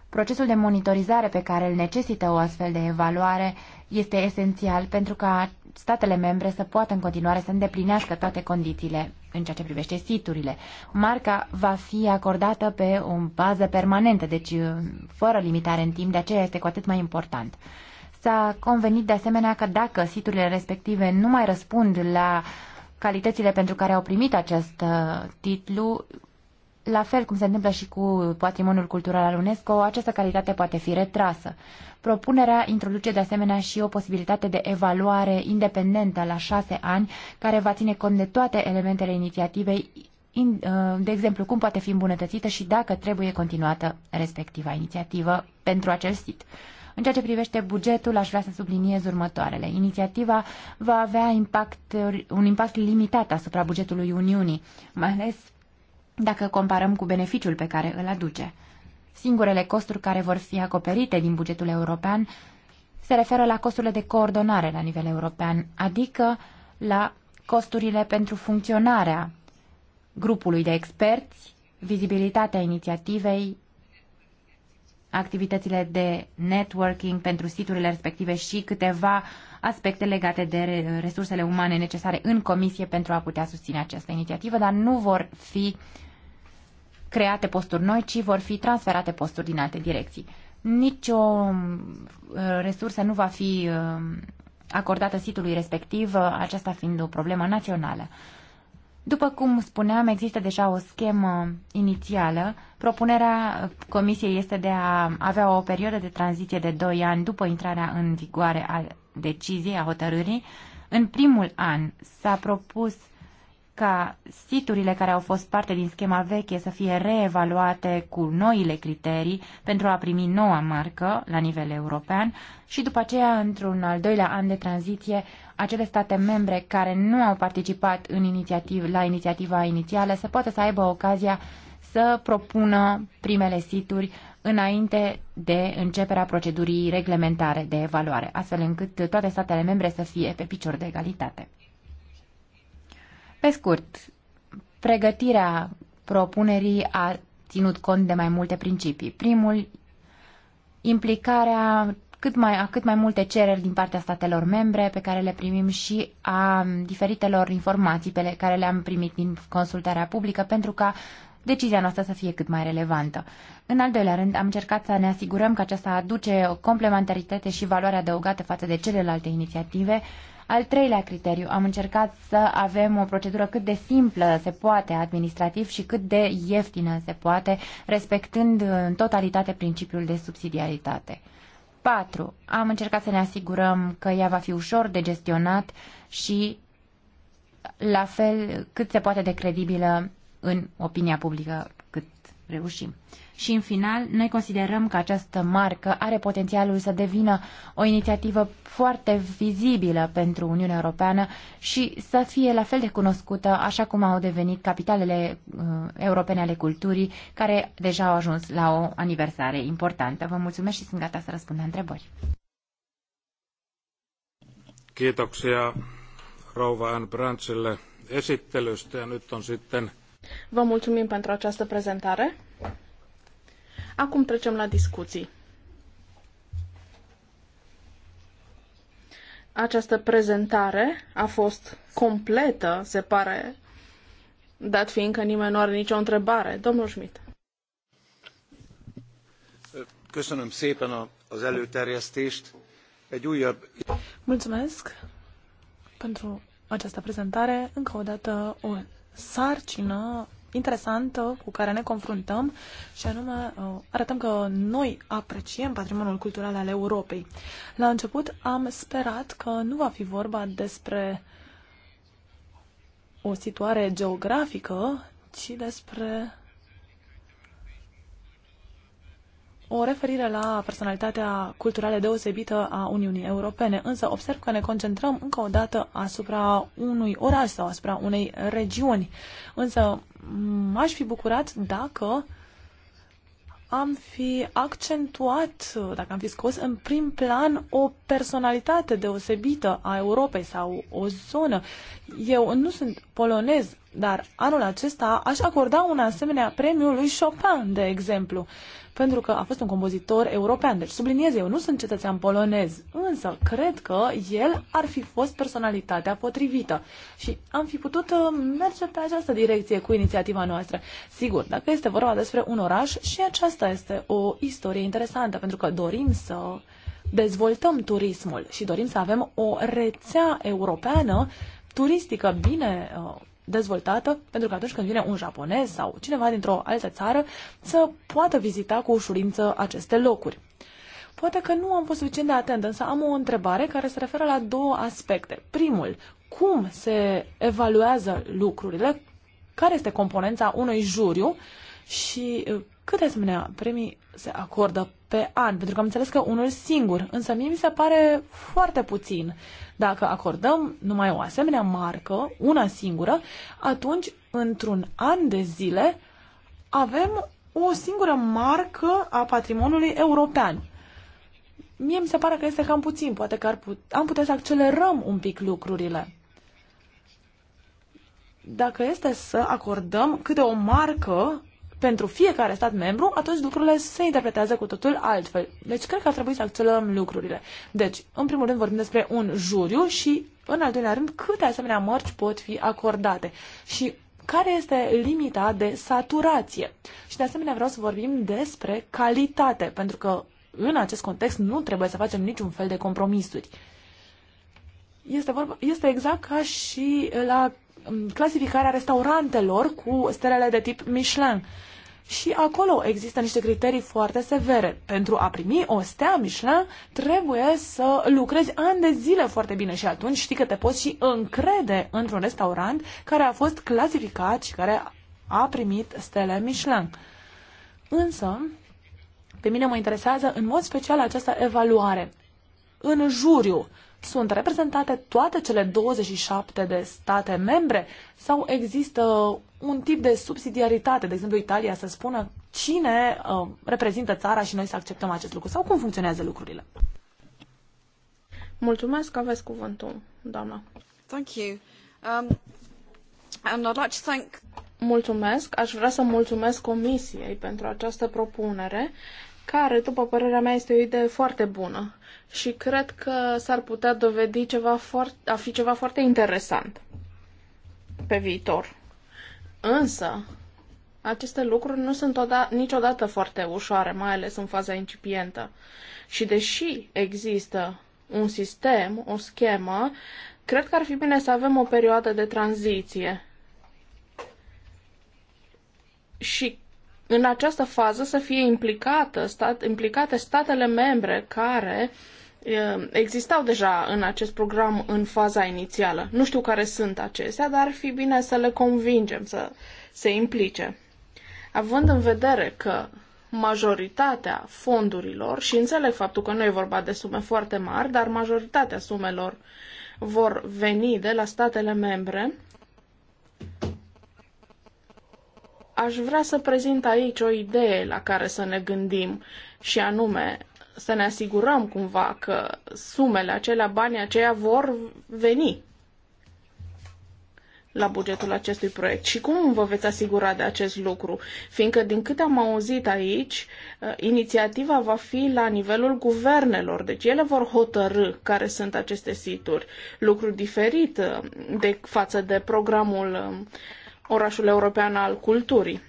Procesul de monitorizare pe care îl necesită o astfel de evaluare este esențial pentru ca statele membre să poată în continuare să îndeplinească toate condițiile în ceea ce privește siturile. Marca va fi acordată pe o bază permanentă, deci uh, fără limitare în timp, de aceea este cu atât mai important. S-a convenit de asemenea că dacă siturile respective nu mai răspund la calitățile pentru care au primit acest uh, titlu, la fel cum se întâmplă și cu patrimoniul cultural al UNESCO, această calitate poate fi retrasă. Propunerea introduce de asemenea și o posibilitate de evaluare independentă la șase ani, care va ține cont de toate elementele inițiativei, uh, de exemplu, cum poate fi îmbunătățită și dacă trebuie continuată respectiva inițiativă pentru acel sit. În ceea ce privește bugetul, aș vrea să subliniez următoarele. Inițiativa va avea impact, un impact limitat asupra bugetului Uniunii, mai ales dacă comparăm cu beneficiul pe care îl aduce. Singurele costuri care vor fi acoperite din bugetul european se referă la costurile de coordonare la nivel european, adică la costurile pentru funcționarea grupului de experți, vizibilitatea inițiativei, activitățile de networking pentru siturile respective și câteva aspecte legate de resursele umane necesare în comisie pentru a putea susține această inițiativă, dar nu vor fi uh, create posturi noi, ci vor fi transferate posturi din alte direcții. o uh, resursă nu va fi uh, acordată sitului respectiv, uh, aceasta fiind o problemă națională. După cum spuneam, există deja o schemă inițială. Propunerea Comisiei este de a avea o perioadă de tranziție de 2 ani după intrarea în vigoare a deciziei, a hotărârii. În primul an s-a propus ca siturile care au fost parte din schema veche să fie reevaluate cu noile criterii pentru a primi noua marcă la nivel european și după aceea, într-un al doilea an de tranziție, acele state membre care nu au participat în inițiativ, la inițiativa inițială să poată să aibă ocazia să propună primele situri înainte de începerea procedurii reglementare de evaluare, astfel încât toate statele membre să fie pe picior de egalitate. Pe scurt, pregătirea propunerii a ținut cont de mai multe principii. Primul, implicarea cât mai, a cât mai multe cereri din partea statelor membre pe care le primim și a diferitelor informații pe care le-am primit din consultarea publică pentru ca decizia noastră să fie cât mai relevantă. În al doilea rând, am încercat să ne asigurăm că aceasta aduce o complementaritate și valoare adăugată față de celelalte inițiative al treilea criteriu, am încercat să avem o procedură cât de simplă se poate administrativ și cât de ieftină se poate, respectând în totalitate principiul de subsidiaritate. 4. Am încercat să ne asigurăm că ea va fi ușor de gestionat și la fel cât se poate de credibilă în opinia publică cât reușim. Și în final, noi considerăm că această marcă are potențialul să devină o inițiativă foarte vizibilă pentru Uniunea Europeană și să fie la fel de cunoscută așa cum au devenit capitalele uh, europene ale culturii, care deja au ajuns la o aniversare importantă. Vă mulțumesc și sunt gata să răspund la întrebări. Kiitoksia rouva Ann Branchille esittelystä ja nyt on sitten Vă mulțumim pentru această prezentare. Acum trecem la discuții. Această prezentare a fost completă, se pare, dat fiindcă că nimeni nu are nicio întrebare. Domnul Schmidt. Köszönöm szépen az előterjesztést. Egy újabb... Mulțumesc pentru această prezentare. Încă o dată o sarcină interesantă cu care ne confruntăm și anume uh, arătăm că noi apreciem patrimoniul cultural al Europei. La început am sperat că nu va fi vorba despre o situare geografică, ci despre o referire la personalitatea culturală deosebită a Uniunii Europene, însă observ că ne concentrăm încă o dată asupra unui oraș sau asupra unei regiuni. Însă m-aș fi bucurat dacă am fi accentuat, dacă am fi scos în prim plan o personalitate deosebită a Europei sau o zonă. Eu nu sunt polonez, dar anul acesta aș acorda un asemenea premiu lui Chopin, de exemplu, pentru că a fost un compozitor european. Deci, subliniez, eu nu sunt cetățean polonez, însă cred că el ar fi fost personalitatea potrivită și am fi putut uh, merge pe această direcție cu inițiativa noastră. Sigur, dacă este vorba despre un oraș, și aceasta este o istorie interesantă, pentru că dorim să dezvoltăm turismul și dorim să avem o rețea europeană turistică bine uh, dezvoltată pentru că atunci când vine un japonez sau cineva dintr-o altă țară să poată vizita cu ușurință aceste locuri. Poate că nu am fost suficient de atent, însă am o întrebare care se referă la două aspecte. Primul, cum se evaluează lucrurile, care este componența unui juriu și câte asemenea premii se acordă pe an? Pentru că am înțeles că unul singur, însă mie mi se pare foarte puțin. Dacă acordăm numai o asemenea marcă, una singură, atunci într-un an de zile avem o singură marcă a patrimoniului european. Mie mi se pare că este cam puțin, poate că ar put- am putea să accelerăm un pic lucrurile dacă este să acordăm câte o marcă pentru fiecare stat membru, atunci lucrurile se interpretează cu totul altfel. Deci cred că ar trebui să acționăm lucrurile. Deci, în primul rând vorbim despre un juriu și, în al doilea rând, câte asemenea mărci pot fi acordate. Și care este limita de saturație. Și de asemenea vreau să vorbim despre calitate, pentru că în acest context nu trebuie să facem niciun fel de compromisuri. Este, vorba, este exact ca și la mm, clasificarea restaurantelor cu stelele de tip Michelin și acolo există niște criterii foarte severe. Pentru a primi o stea Michelin trebuie să lucrezi ani de zile foarte bine și atunci știi că te poți și încrede într-un restaurant care a fost clasificat și care a primit stele Michelin. Însă, pe mine mă interesează în mod special această evaluare. În juriu, sunt reprezentate toate cele 27 de state membre sau există un tip de subsidiaritate, de exemplu Italia să spună cine uh, reprezintă țara și noi să acceptăm acest lucru sau cum funcționează lucrurile? Mulțumesc, aveți cuvântul, doamna. Thank you. Um, and I'd like to thank... Mulțumesc, aș vrea să mulțumesc Comisiei pentru această propunere, care, după părerea mea, este o idee foarte bună și cred că s-ar putea dovedi ceva foarte, a fi ceva foarte interesant pe viitor. Însă, aceste lucruri nu sunt oda- niciodată foarte ușoare, mai ales în faza incipientă. Și deși există un sistem, o schemă, cred că ar fi bine să avem o perioadă de tranziție. Și în această fază să fie implicată, stat, implicate statele membre care uh, Ehm, existau deja în acest program în faza inițială. Nu știu care sunt acestea, dar ar fi bine să le convingem să se implice. Având în vedere că majoritatea fondurilor, și înțeleg faptul că nu e vorba de sume foarte mari, dar majoritatea sumelor vor veni de la statele membre, aș vrea să prezint aici o idee la care să ne gândim și anume să ne asigurăm cumva că sumele acelea, banii aceia vor veni la bugetul acestui proiect și cum vă veți asigura de acest lucru? Fiindcă, din câte am auzit aici, uh, inițiativa va fi la nivelul guvernelor, deci ele vor hotărâ care sunt aceste situri, lucru diferit uh, de față de programul uh, Orașul European al Culturii.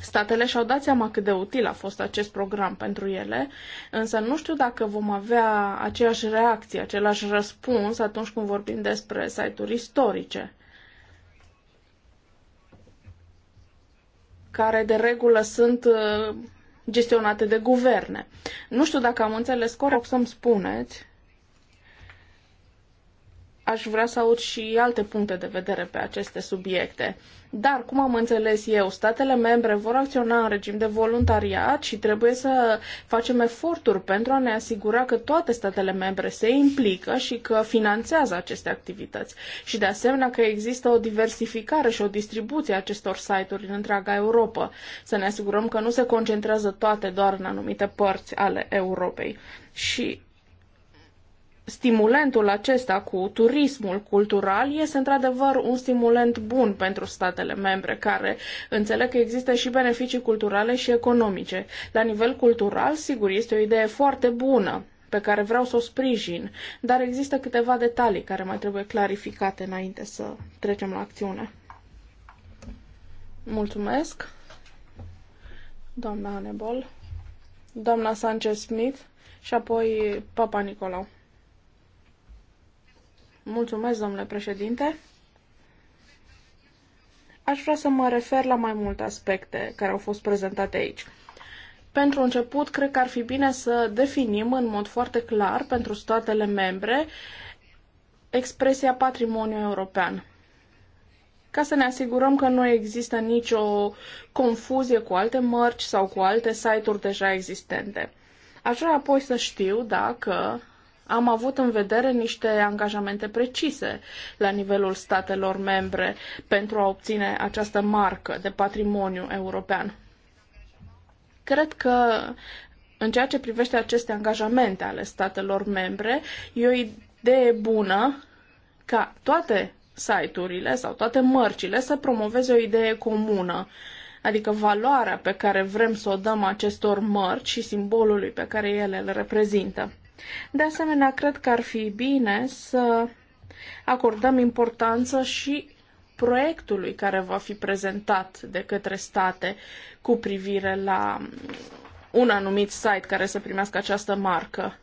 Statele și-au dat seama cât de util a fost acest program pentru ele, însă nu știu dacă vom avea aceeași reacție, același răspuns atunci când vorbim despre site-uri istorice. care de regulă sunt uh, gestionate de guverne. Nu știu dacă am înțeles corect, să-mi spuneți aș vrea să aud și alte puncte de vedere pe aceste subiecte. Dar, cum am înțeles eu, statele membre vor acționa în regim de voluntariat și trebuie să facem eforturi pentru a ne asigura că toate statele membre se implică și că finanțează aceste activități. Și, de asemenea, că există o diversificare și o distribuție a acestor site-uri în întreaga Europa. Să ne asigurăm că nu se concentrează toate doar în anumite părți ale Europei. Și stimulentul acesta cu turismul cultural este într-adevăr un stimulent bun pentru statele membre care înțeleg că există și beneficii culturale și economice. La nivel cultural, sigur, este o idee foarte bună pe care vreau să o sprijin, dar există câteva detalii care mai trebuie clarificate înainte să trecem la acțiune. Mulțumesc, doamna Anebol, doamna Sanchez-Smith și apoi Papa Nicolau. Mulțumesc, domnule președinte. Aș vrea să mă refer la mai multe aspecte care au fost prezentate aici. Pentru început, cred că ar fi bine să definim în mod foarte clar pentru statele membre expresia patrimoniu european ca să ne asigurăm că nu există nicio confuzie cu alte mărci sau cu alte site-uri deja existente. Aș vrea apoi să știu dacă am avut în vedere niște angajamente precise la nivelul statelor membre pentru a obține această marcă de patrimoniu european. Cred că în ceea ce privește aceste angajamente ale statelor membre, e o idee bună ca toate site-urile sau toate mărcile să promoveze o idee comună, adică valoarea pe care vrem să o dăm acestor mărci și simbolului pe care ele le reprezintă. De asemenea, cred că ar fi bine să acordăm importanță și proiectului care va fi prezentat de către state cu privire la un anumit site care să primească această marcă.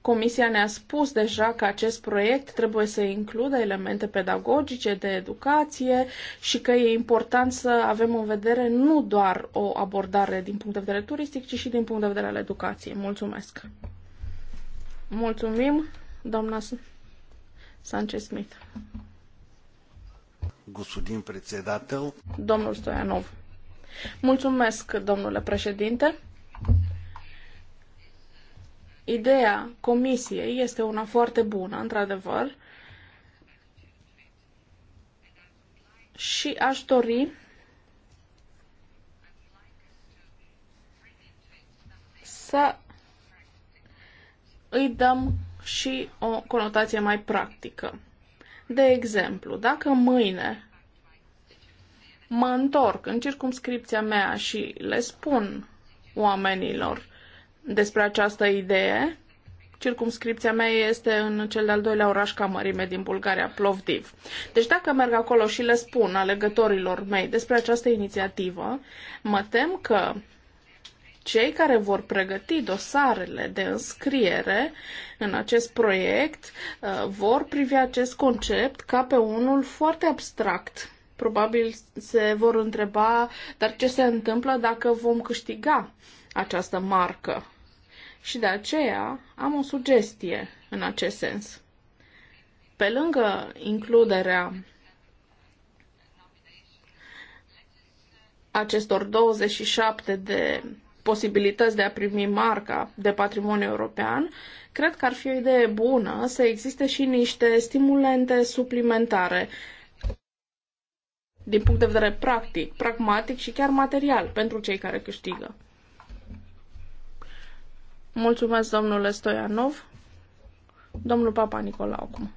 Comisia ne-a spus deja că acest proiect trebuie să includă elemente pedagogice, de educație și că e important să avem în vedere nu doar o abordare din punct de vedere turistic, ci și din punct de vedere al educației. Mulțumesc! Mulțumim, doamna Sanchez Smith. Gusudin prețedatău. Domnul Stoianov. Mulțumesc, domnule președinte. Ideea comisiei este una foarte bună, într-adevăr, și aș dori să îi dăm și o conotație mai practică. De exemplu, dacă mâine mă întorc în circumscripția mea și le spun oamenilor despre această idee, circumscripția mea este în cel de-al doilea oraș ca mărime din Bulgaria, Plovdiv. Deci dacă merg acolo și le spun alegătorilor mei despre această inițiativă, mă tem că cei care vor pregăti dosarele de înscriere în acest proiect uh, vor privi acest concept ca pe unul foarte abstract. Probabil se vor întreba, dar ce se întâmplă dacă vom câștiga această marcă? Și de aceea am o sugestie în acest sens. Pe lângă includerea acestor 27 de posibilități de a primi marca de patrimoniu european, cred că ar fi o idee bună să existe și niște stimulente suplimentare din punct de vedere practic, pragmatic și chiar material pentru cei care câștigă. Mulțumesc, domnule Stoianov. Domnul Papa Nicolau acum.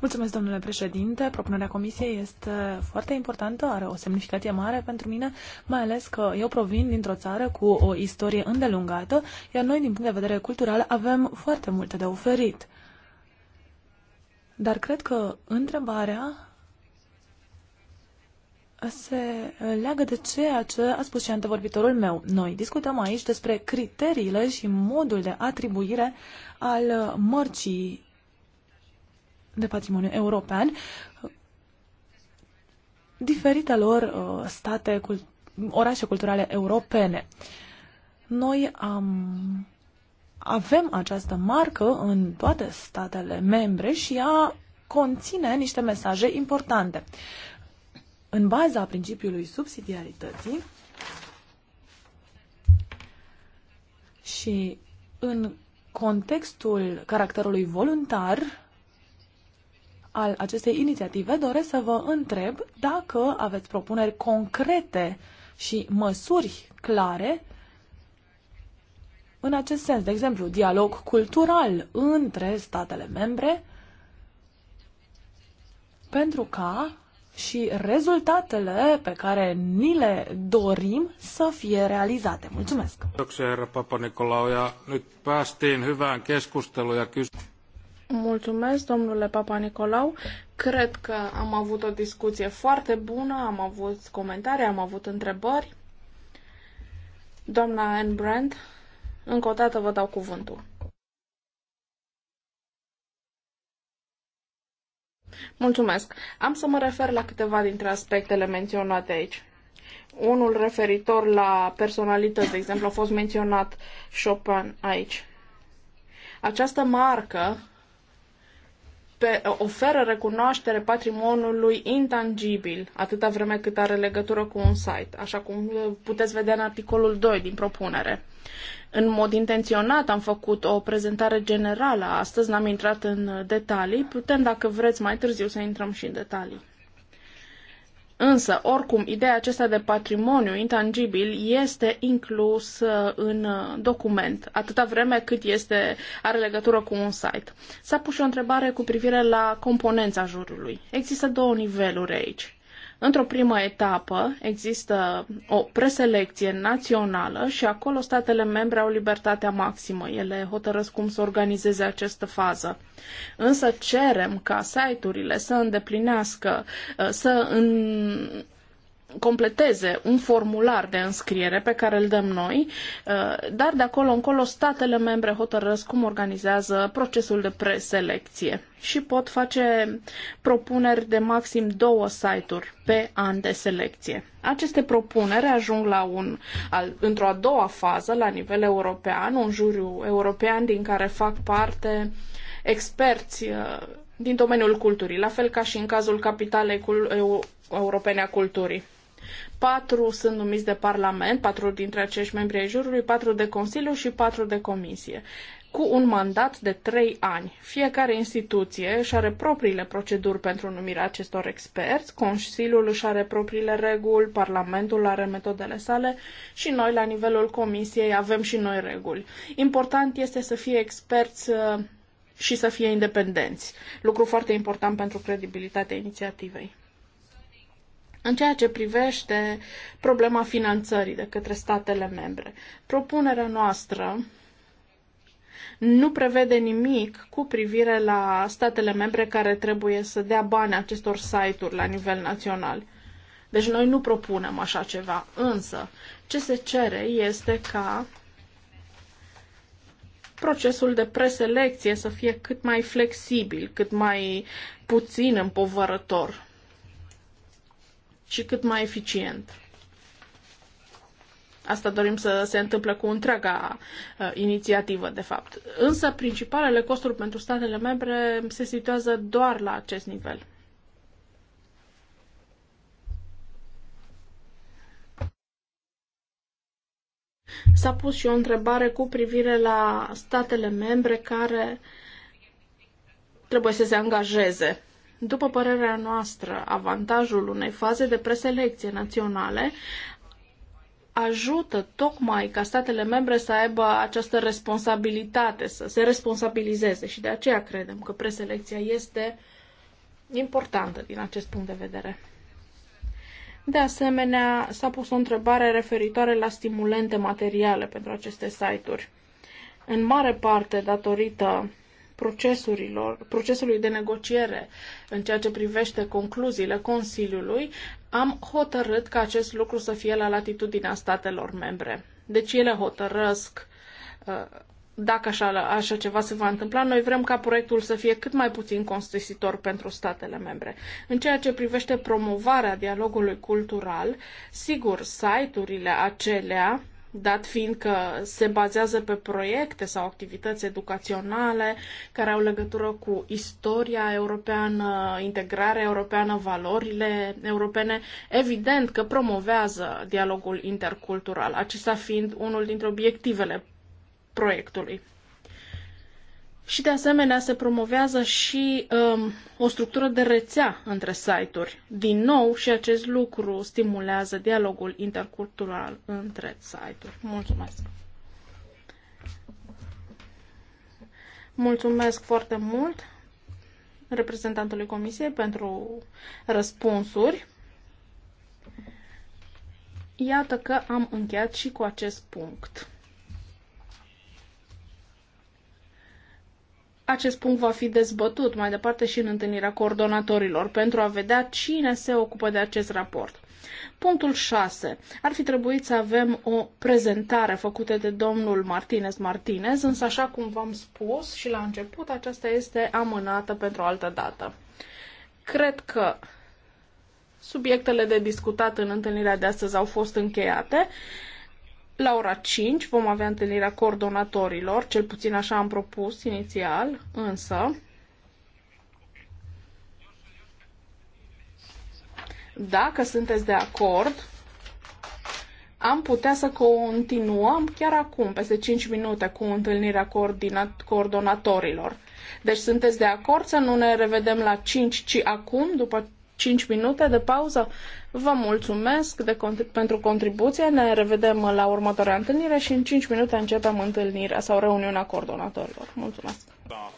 Mulțumesc, domnule președinte. Propunerea comisiei este foarte importantă, are o semnificație mare pentru mine, mai ales că eu provin dintr-o țară cu o istorie îndelungată, iar noi, din punct de vedere cultural, avem foarte multe de oferit. Dar cred că întrebarea se leagă de ceea ce a spus și antevorbitorul meu. Noi discutăm aici despre criteriile și modul de atribuire al mărcii de patrimoniu european diferitelor uh, state, orașe culturale europene. Noi am, avem această marcă în toate statele membre și ea conține niște mesaje importante. În baza principiului subsidiarității și în contextul caracterului voluntar al acestei inițiative, doresc să vă întreb dacă aveți propuneri concrete și măsuri clare în acest sens, de exemplu, dialog cultural între statele membre, pentru ca și rezultatele pe care ni le dorim să fie realizate. Mulțumesc! Kiitoksia, herra Papa ja nyt päästiin hyvään keskusteluun ja kysymykseen. Mulțumesc, domnule Papa Nicolau. Cred că am avut o discuție foarte bună, am avut comentarii, am avut întrebări. Doamna Anne Brand, încă o dată vă dau cuvântul. Mulțumesc. Am să mă refer la câteva dintre aspectele menționate aici. Unul referitor la personalități, de exemplu, a fost menționat Chopin aici. Această marcă oferă recunoaștere patrimoniului intangibil, atâta vreme cât are legătură cu un site, așa cum uh, puteți vedea în articolul 2 din propunere. În mod intenționat am făcut o prezentare generală astăzi, n-am intrat în detalii, putem dacă vreți mai târziu să intrăm și în detalii. Însă, oricum, ideea aceasta de patrimoniu intangibil este inclus uh, în uh, document, atâta vreme cât este, are legătură cu un site. S-a pus și o întrebare cu privire la componența jurului. Există două niveluri aici. Într-o primă etapă există o preselecție națională și acolo statele membre au libertatea maximă. Ele hotărăsc cum să organizeze această fază. Însă cerem ca site-urile să îndeplinească, să în completeze un formular de înscriere pe care îl dăm noi, uh, dar de acolo încolo statele membre hotărăsc cum organizează procesul de preselecție și pot face propuneri de maxim două site-uri pe an de selecție. Aceste propuneri ajung la un, al, într-o a doua fază la nivel european, un juriu european din care fac parte experți uh, din domeniul culturii, la fel ca și în cazul capitalei europene a culturii. Patru sunt numiți de Parlament, patru dintre acești membri ai jurului, patru de Consiliu și patru de Comisie cu un mandat de trei ani. Fiecare instituție își are propriile proceduri pentru numirea acestor experți, Consiliul își are propriile reguli, Parlamentul are metodele sale și noi, la nivelul Comisiei, avem și noi reguli. Important este să fie experți uh, și să fie independenți. Lucru foarte important pentru credibilitatea inițiativei. În ceea ce privește problema finanțării de către statele membre, propunerea noastră nu prevede nimic cu privire la statele membre care trebuie să dea bani acestor site-uri la nivel național. Deci noi nu propunem așa ceva, însă ce se cere este ca procesul de preselecție să fie cât mai flexibil, cât mai puțin împovărător și cât mai eficient. Asta dorim să se întâmple cu întreaga uh, inițiativă, de fapt. Însă, principalele costuri pentru statele membre se situează doar la acest nivel. S-a pus și o întrebare cu privire la statele membre care trebuie să se angajeze după părerea noastră, avantajul unei faze de preselecție naționale ajută tocmai ca statele membre să aibă această responsabilitate, să se responsabilizeze și de aceea credem că preselecția este importantă din acest punct de vedere. De asemenea, s-a pus o întrebare referitoare la stimulente materiale pentru aceste site-uri. În mare parte, datorită procesurilor, procesului de negociere în ceea ce privește concluziile Consiliului, am hotărât ca acest lucru să fie la latitudinea statelor membre. Deci ele hotărăsc uh, dacă așa, așa ceva se va întâmpla, noi vrem ca proiectul să fie cât mai puțin costisitor pentru statele membre. În ceea ce privește promovarea dialogului cultural, sigur, site-urile acelea dat fiind că se bazează pe proiecte sau activități educaționale care au legătură cu istoria europeană, integrarea europeană, valorile europene, evident că promovează dialogul intercultural, acesta fiind unul dintre obiectivele proiectului. Și de asemenea se promovează și um, o structură de rețea între site-uri. Din nou și acest lucru stimulează dialogul intercultural între site-uri. Mulțumesc! Mulțumesc foarte mult reprezentantului Comisiei pentru răspunsuri. Iată că am încheiat și cu acest punct. acest punct va fi dezbătut mai departe și în întâlnirea coordonatorilor pentru a vedea cine se ocupă de acest raport. Punctul 6. Ar fi trebuit să avem o prezentare făcută de domnul Martinez Martinez, însă așa cum v-am spus și la început, aceasta este amânată pentru o altă dată. Cred că subiectele de discutat în întâlnirea de astăzi au fost încheiate. La ora 5 vom avea întâlnirea coordonatorilor, cel puțin așa am propus inițial, însă dacă sunteți de acord, am putea să continuăm chiar acum, peste 5 minute, cu întâlnirea coordonatorilor. Deci sunteți de acord să nu ne revedem la 5, ci acum, după 5 minute de pauză. Vă mulțumesc de, pentru contribuție. Ne revedem la următoarea întâlnire și în 5 minute începem întâlnirea sau reuniunea coordonatorilor. Mulțumesc! Da.